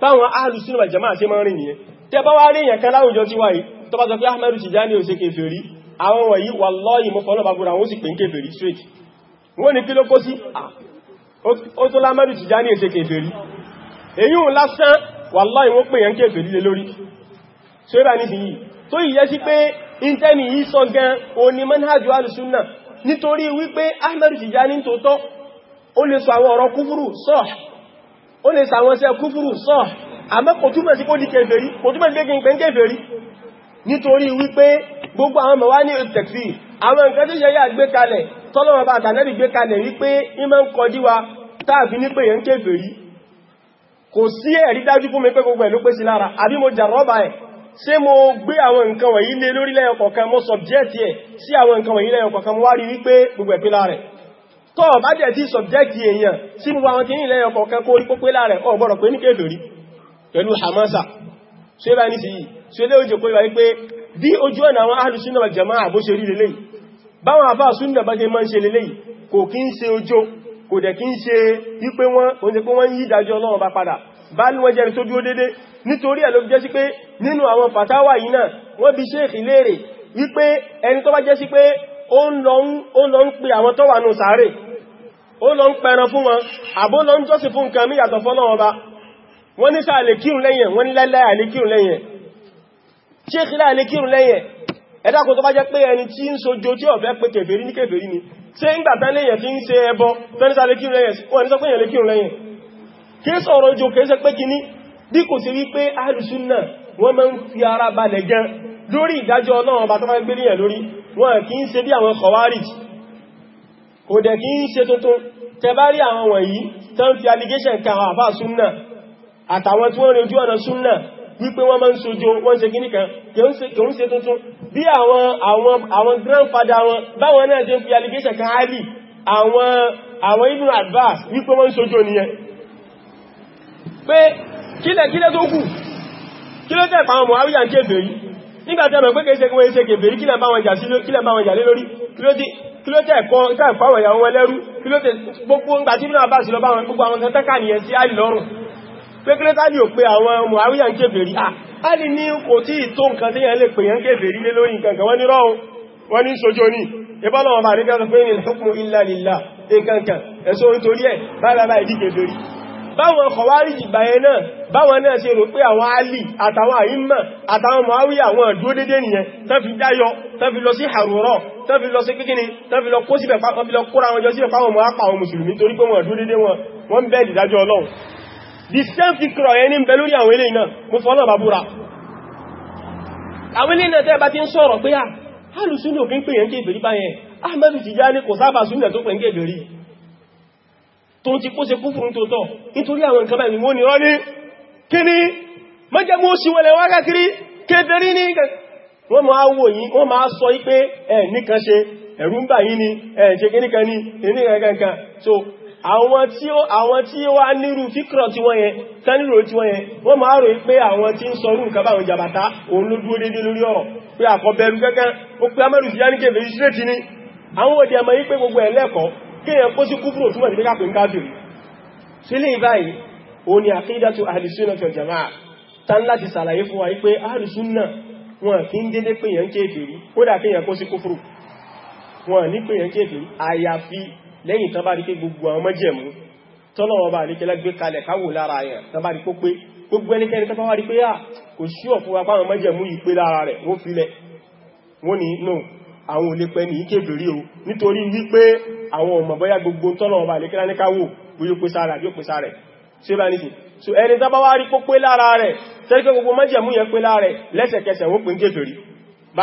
báwọn ahlu sunnah wal jama'a ṣe nìyẹn tẹ́ bá wá rí èèyàn kan láwùjọ tí wáyé tó bá sọ pé Ahmadu Tijani ò ṣe kèfèrí àwọn wọ̀nyí wallahi mo fọ́nà bá gbọ́ra wọ́n sì pè straight wọ́n ni kí ló kó sí ah, ó tó lámẹ́rù Tijani ò ṣe kèfèrí èyí ò lásán wallahi wọ́n pè yẹn kèfèrí lé lórí so ibà ní sìyí tó yíyẹ sí pé Ahmadu Tijani tòótọ́ ó lè sọ àwọn ọ̀rọ̀ kúfúrú sọ́ọ̀ àmọ́ kò túmọ̀ sí kó di kèfèrí kò túmọ̀ sí pé ń kèfèrí nítorí wípé gbogbo àwọn ọmọ wá ní ìtẹ̀kì àwọn nǹkan tó yẹ́yà gbé kalẹ̀ tọ́lọ́wọ́ bá àtàlẹ́bì gbé kalẹ̀ wípé ìmọ̀ ń kọjú wa táàbí ní pé mo jà rọ́bà ẹ̀ ṣé mo gbé subject ẹ̀ sí àwọn nǹkan wọ̀nyí lẹ́yọ kọ̀ọ̀kan mo wá rí wípé gbogbo tí subject èèyàn sí gbogbo àwọn kìíní lẹ́yọ kọ̀ọ̀kan kó rí pópé lára ẹ̀ ọ̀gbọ́dọ̀ pé ní kèfèrí pẹ̀lú hamasa ṣe bá ní sí yìí ṣe lé ojú kóríwá wípé bí ojú ọ̀nà àwọn ahlu sunna wal jama'a bó ṣe rí lélẹ̀ báwọn àfá súnnà bá ṣe máa ń ṣe lélẹ̀ kò kí ń ṣe ojó kò dẹ̀ kí ń ṣe wípé wọ́n yí ìdájọ́ Ọlọ́run bá padà bá ní wọ́n jẹ́rìí tó dúró dédé nítorí ẹ̀ ló jẹ́ sí pé nínú àwọn fàtáwà yìí náà wọ́n wọ́n ní sáà àlékírùn lẹ́yìn wọ́n ní lẹ́lẹ́ àlékírùn lẹ́yìn ṣékìlá àlékírùn lẹ́yìn ẹ̀dàkùn tó bá jẹ́ pé ẹni tí ń sojo tí ọ̀fẹ́ pé kèfèrí ní kèfèrí ni ṣe ń gbà tẹ́lẹ̀yẹ̀ fi ń ṣe ẹbọ tẹ́lẹ̀sà lékírùn lẹ́yìn wọ́n ní sọ pé èyàn lékírùn lẹ́yìn kí sọ̀rọ̀ ojú kìí ṣe pé kíní bí kò sí wí pé alùsúnnà wọ́n máa ń fi tuntun tẹ àwọn wọ̀nyí tán fi allegation kan àwọn àfáà súnnà àtàwọn tí wọ́n rẹ̀ ojú ọ̀nà súnnà wípé wọ́n máa ń sojo wọ́n ṣe gíní kan kò ń ṣe tuntun bí àwọn grandfather wọn báwọn náà jẹ́ fi allegation kan hálì àwọn inú advance wípé wọ́n sojo nìyẹn pé kílẹ̀kílẹ̀ tó kù kílẹ̀ tẹ́ pàwọn Muawiya ń kéfè yìí nígbàtí ẹmọ̀ pé kéèṣe wọ́n ṣe kéfè yìí kílẹ̀ báwọn jà lé lórí kílẹ̀ tẹ́ ẹ̀kọ́ tẹ́ pàwọn ìyàwó ẹlẹ́rú kílẹ̀ tẹ́ gbogbo ń gbà tí pékéré tàbí ò pé àwọn Muawiya ń kèfèrí a lè ní kò tí tó nǹkan tí yẹn lè pè yẹn kèfèrí lé lórí nǹkan wọ́n ní rọ́un wọ́n ní sojo ní ìbọ́lọ̀wọ̀n bá rí illa lillah nǹkankan ẹ̀sọ́ nítorí ẹ̀ báyàbá ìdí kèfèrí báwọn kọwárí ìgbà yẹn náà báwọn náà ṣe rò pé àwọn alì àtàwọn àyímọ̀ àtàwọn Muawiya àwọn ìdúró dédé nìyẹn tán fi dáyọ tán fi lọ sí Harura tán fi lọ sí kíkíní tán fi lọ kó síbẹ̀ pápọ̀ fi lọ kóra wọn jọ síbẹ̀ páwọn mọ́ àpà àwọn mùsùlùmí torí pé wọn ìdúró wọn wọ́n bẹ́ẹ̀dì dájọ́ Ọlọ́run the same fíkọ̀ ẹni ń bẹ lórí àwọn ilé iná mo fọ́nà bàbúra àwọn ilé iná tẹ́ bá ti ń sọ̀rọ̀ pé alùsúnà ah, òkín pè yẹn kèfèrí báyẹn Ahmadu Tijani kò sábà súnà tó pẹ̀ ń kèfèrí tó ti kó ni rọ́ ní kí ni mọ́jẹ́mú ó síwẹ̀lẹ̀ wákàkiri kèfèrí ní wọ́n máa wò yí wọ́n máa sọ ipé ẹ̀ nìkan ṣe ẹ̀rú ń bà ni ẹ̀ so àwọn tí ó àwọn tí ó wá nírú fíkọ̀ tí wọ́n yẹn tánírò tí wọ́n yẹn wọ́n máa rò pé àwọn tí ń sọrú nǹkan báwọn jàbàtá òun ló dúró dédé lórí ọ̀rọ̀ pé àkọ́bẹ̀rù kankan ó pé amẹ́rù sí yáníkè lè ṣe tí ní wa yí pé àdìsúnà wọn kí ń dédé pé yẹn kéfèrí kódà kéèyàn kó sí kúfúrò lẹ́yìn tán bá rí pé gbogbo àwọn mọ́jẹ̀mú tọ́lọ́wọ́ bá ní kẹlẹ́ gbé kalẹ̀ káwò lára yẹn tán bá rí pó pé gbogbo ẹnikẹ́ni tán bá wá rí pé à kò sí ọ̀fún apá àwọn yìí pé lára rẹ̀ wọ́n filẹ̀ wọ́n no àwọn ò lè pẹ́ ní ìkéèbìrí o nítorí wípé àwọn ọmọ bọ́yá gbogbo tọ́lọ́wọ́ bá ní kẹlẹ́ ní káwò bóyó pé sára yóò pé sára ṣe bá nìsí so ẹni tán bá wá rí pó pé lára rẹ̀ sẹ́rí pé gbogbo mọ́jẹ̀mú yẹn pé lára rẹ̀ lẹ́sẹ̀kẹsẹ̀ wọ́n pè ń kéèbìrí bá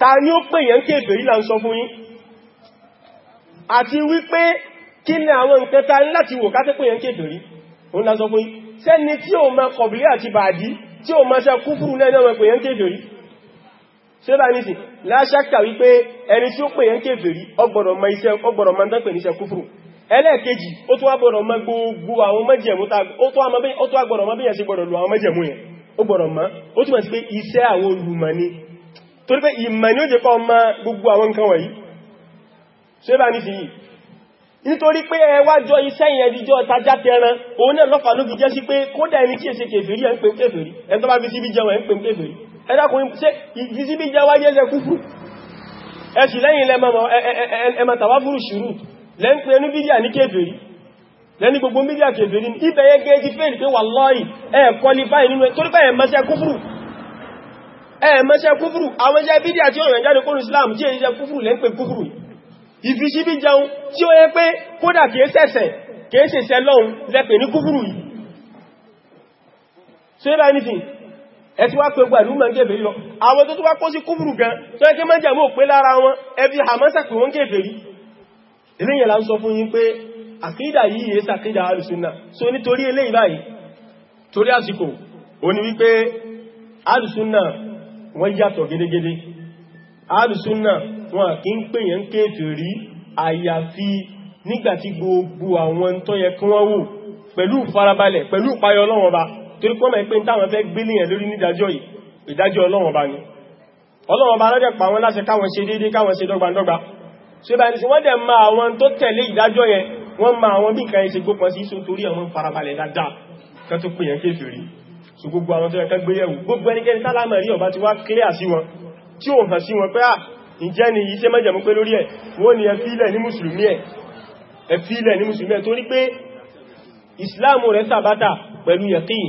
ta ni ó pè yẹn kèfèrí là ń sọ fún yín àti wípé kí ni àwọn nǹkan ta ní láti wò káté pè yẹn kèfèrí òun là ń sọ fún yín sẹ́ni tí ó ma kọ̀bílì àti bàdí tí ó ma ṣe kúfùrù náà pè yẹn kèfèrí ṣe bá ní sí láṣákà wípé ẹni tí ó pè ẹlẹ́ẹ̀kejì ó tó agbọ̀rọ̀ ma gbogbo àwọn mẹ́jẹ̀mú ó tó agbọ̀rọ̀ ma bí yẹn ṣe gbọ̀rọ̀ àwọn mẹ́jẹ̀mú yẹn ó gbọ̀rọ̀ ma ó túnmọ̀ sí pé iṣẹ́ àwọn olùmọ̀ ni torí pé ìmọ̀ ni ó jẹ́ kọ́ ma gbogbo àwọn nǹkan wọ̀nyí ṣe bá ní sí yìí nítorí pé ẹwàjọ́ iṣẹ́ ìyẹn jíjọ́ tajá tẹran òun náà lọ́fà ló fi jẹ́ sí pé kódà ẹni tí èsè kèfèrí ẹ̀ ń pè kèfèrí ẹni tó bá fi síbí jẹun ẹ̀ ń pè kèfèrí ẹ̀dàkùnrin ṣe ìdí síbí jẹ wáyé ẹ̀ṣẹ̀ kúfù ẹ̀ṣì lẹ́yìn ẹmà tàwáfúrú ṣùrù ẹ̀mẹ́ṣẹ́ eh, kúfùrù àwọn jẹ́ bídíà tí ọ̀rọ̀ ìjáde kórùn Islam tí èyí jẹ́ kúfùrù lẹ́ ń pè kúfùrù ìfiṣí bí jẹun tí ó yẹ pé kódà kìí ṣẹ̀ṣẹ̀ kìí ṣẹ̀ṣẹ̀ lọ́un lẹ́pẹ̀ ní kúfùrù yìí ṣe bá ní fi ẹ ti wá pé gbà ní mọ̀ gẹ̀bẹ̀ lọ àwọn tó tó wá kó sí kúfùrù gan tó yẹ kí mọ́ jẹ́ mọ́ pé lára àkídà yìí yẹ sàkídà alùsùnà so nítorí eléyìí báyìí torí àsìkò òní wípé alùsùnà wọ́n yàtọ̀ gédégédé alùsúnnà wọn kí ń pè yẹn kéfèrí àyàfi nígbàtí gbogbo àwọn tó yẹ kí wọ́n wò pẹ̀lú farabalẹ̀ pẹ̀lú payọ ba torí pọ́mọ̀ pé ń táwọn fẹ́ ni Ọlọ́run ba lọ́dẹ̀ pa wọn láṣẹ káwọn ṣe déédé káwọn ṣe dọ́gbandọ́gba ṣe bá ní sí wọ́n dẹ̀ ma àwọn tó tẹ̀lé ìdájọ́ yẹn wọ́n ma àwọn bí nǹkan ẹ̀ ṣe sí sótórí àwọn farabalẹ̀ dáadáa kan yẹn kéfèrí so gbogbo àwọn tó yẹ kẹgbé yẹ̀wò gbogbo ẹnikẹ́ni tálámà rí ọba ti wá clear sí wọn tí ó hàn sí wọn pé à ah, ìjẹ́ ni iṣẹ́ mẹ́jẹ̀mú pé lórí ẹ̀ wọ́n ni ẹfílẹ̀ ní mùsùlùmí ẹ̀ ẹfílẹ̀ ní mùsùlùmí ẹ̀ torí pé ìsìláàmù rẹ̀ sàbátà pẹ̀lú yẹ̀kín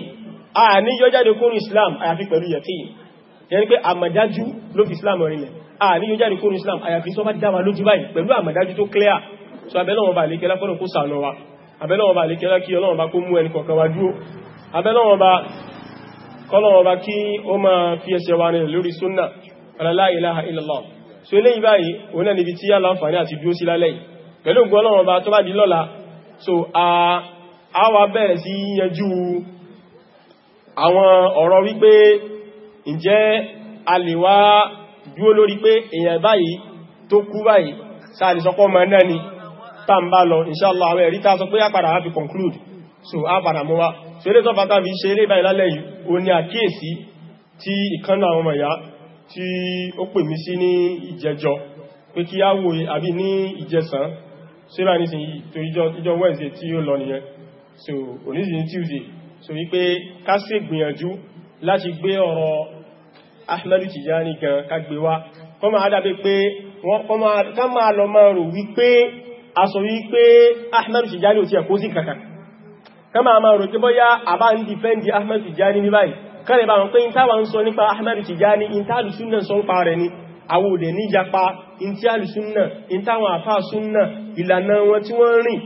a ní yọjáde kóró ìsìláàmù àyàfi pẹ̀lú yẹ̀kín yẹni pé àmàdájú ló fi ìsìláàmù rinlẹ̀ a ní yọjáde so abẹ́lọ́wọ̀n bá lè kẹ́lá kọ́nà wa abẹ́lọ́wọ̀n bá lè kẹ́lá kí ọlọ́wọ̀n bá kó mú ẹnì kọ̀ọ̀kan abẹ́lọ́wọ̀n bá kọ́lọ̀wọ́ bá kí ó máa fi ẹsẹ̀ wa nílẹ̀ lórí súnnà la ilaha illallah so ilé ìbáyìí òun náà níbi tí yá láǹfààní àti dúó sí lálẹ́ yìí pẹ̀lú gbọ́lọ́wọ́ tó bá di lọ́la so a wá bẹ̀rẹ̀ sí yanjú àwọn ọ̀rọ̀ wípé ǹjẹ́ a lè wá dúó lórí pé èèyàn báyìí tó kú báyìí sáà conclude so a padà mọ́ wá so ilé tó fata bí ṣe ilé báyìí lálẹ́ yìí o ní àkíyèsí tí ìkánná àwọn ọmọ ìyá tí ó pè mí sí ní ìjẹjọ pé kí á wo àbí ní ìjẹsàn so ìbá nísìn tó ìjọ Wednesday Ahmadu Tijani gan ká gbé wá kọ́ máa dábé pé wọ́n máa lọ máa rò wípé aṣọ wípé Ahmadu Tijani ò ti ẹ̀kó sí kankan kama ma rò kí bóyá àbá ń dìfẹ́ndì Ahmad Tijani ní báyìí kọ́lẹ̀ bá wọn pé ìtawà ń sọ nípa Ahmad Tijani ìtàlùsúnnà sọ ń pa rẹ̀ ni àwòdè ní japa ìtàlùsúnnà ìtàwọn àfáàsúnnà ìlànà wọn tí wọ́n rìn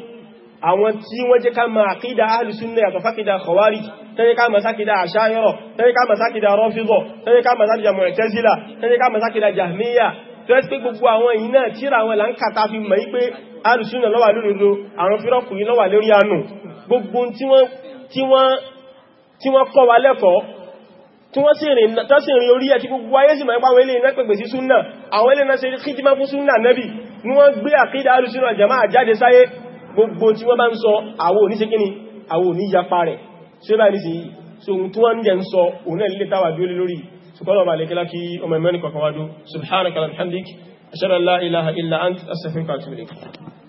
àwọn tí wọ́n jẹ́ ká ma àkídà alùsúnnà yàtọ̀ fákídà Khawarij tẹ́jẹ́ ká ma sákídà àṣáyọ́rọ̀ tẹ́jẹ́ ká ma sákídà Rafidha tẹ́jẹ́ ká ma sákídà Mu'tazila tẹ́jẹ́ ká ma sákídà Jahmiyya tẹ́jẹ́ pé gbogbo àwọn gbogbo tí wọ́n kọ́ wa lẹ́kọ̀ọ́ tí wọ́n sì rìn tásìrìn orí ẹ̀ tí gbogbo ayé sì máa pàwọn ilé iná pẹ̀gbẹ̀ sí súnnà àwọn ilé iná sí kìtìmá fún súnnà nẹ́bì ní wọ́n gbé àkídà alùsínà jama'a jáde sáyé gbogbo tí wọ́n bá ń sọ àwọn oníṣẹ́kíní àwọn oníyapa rẹ̀ tí ó bá ní sí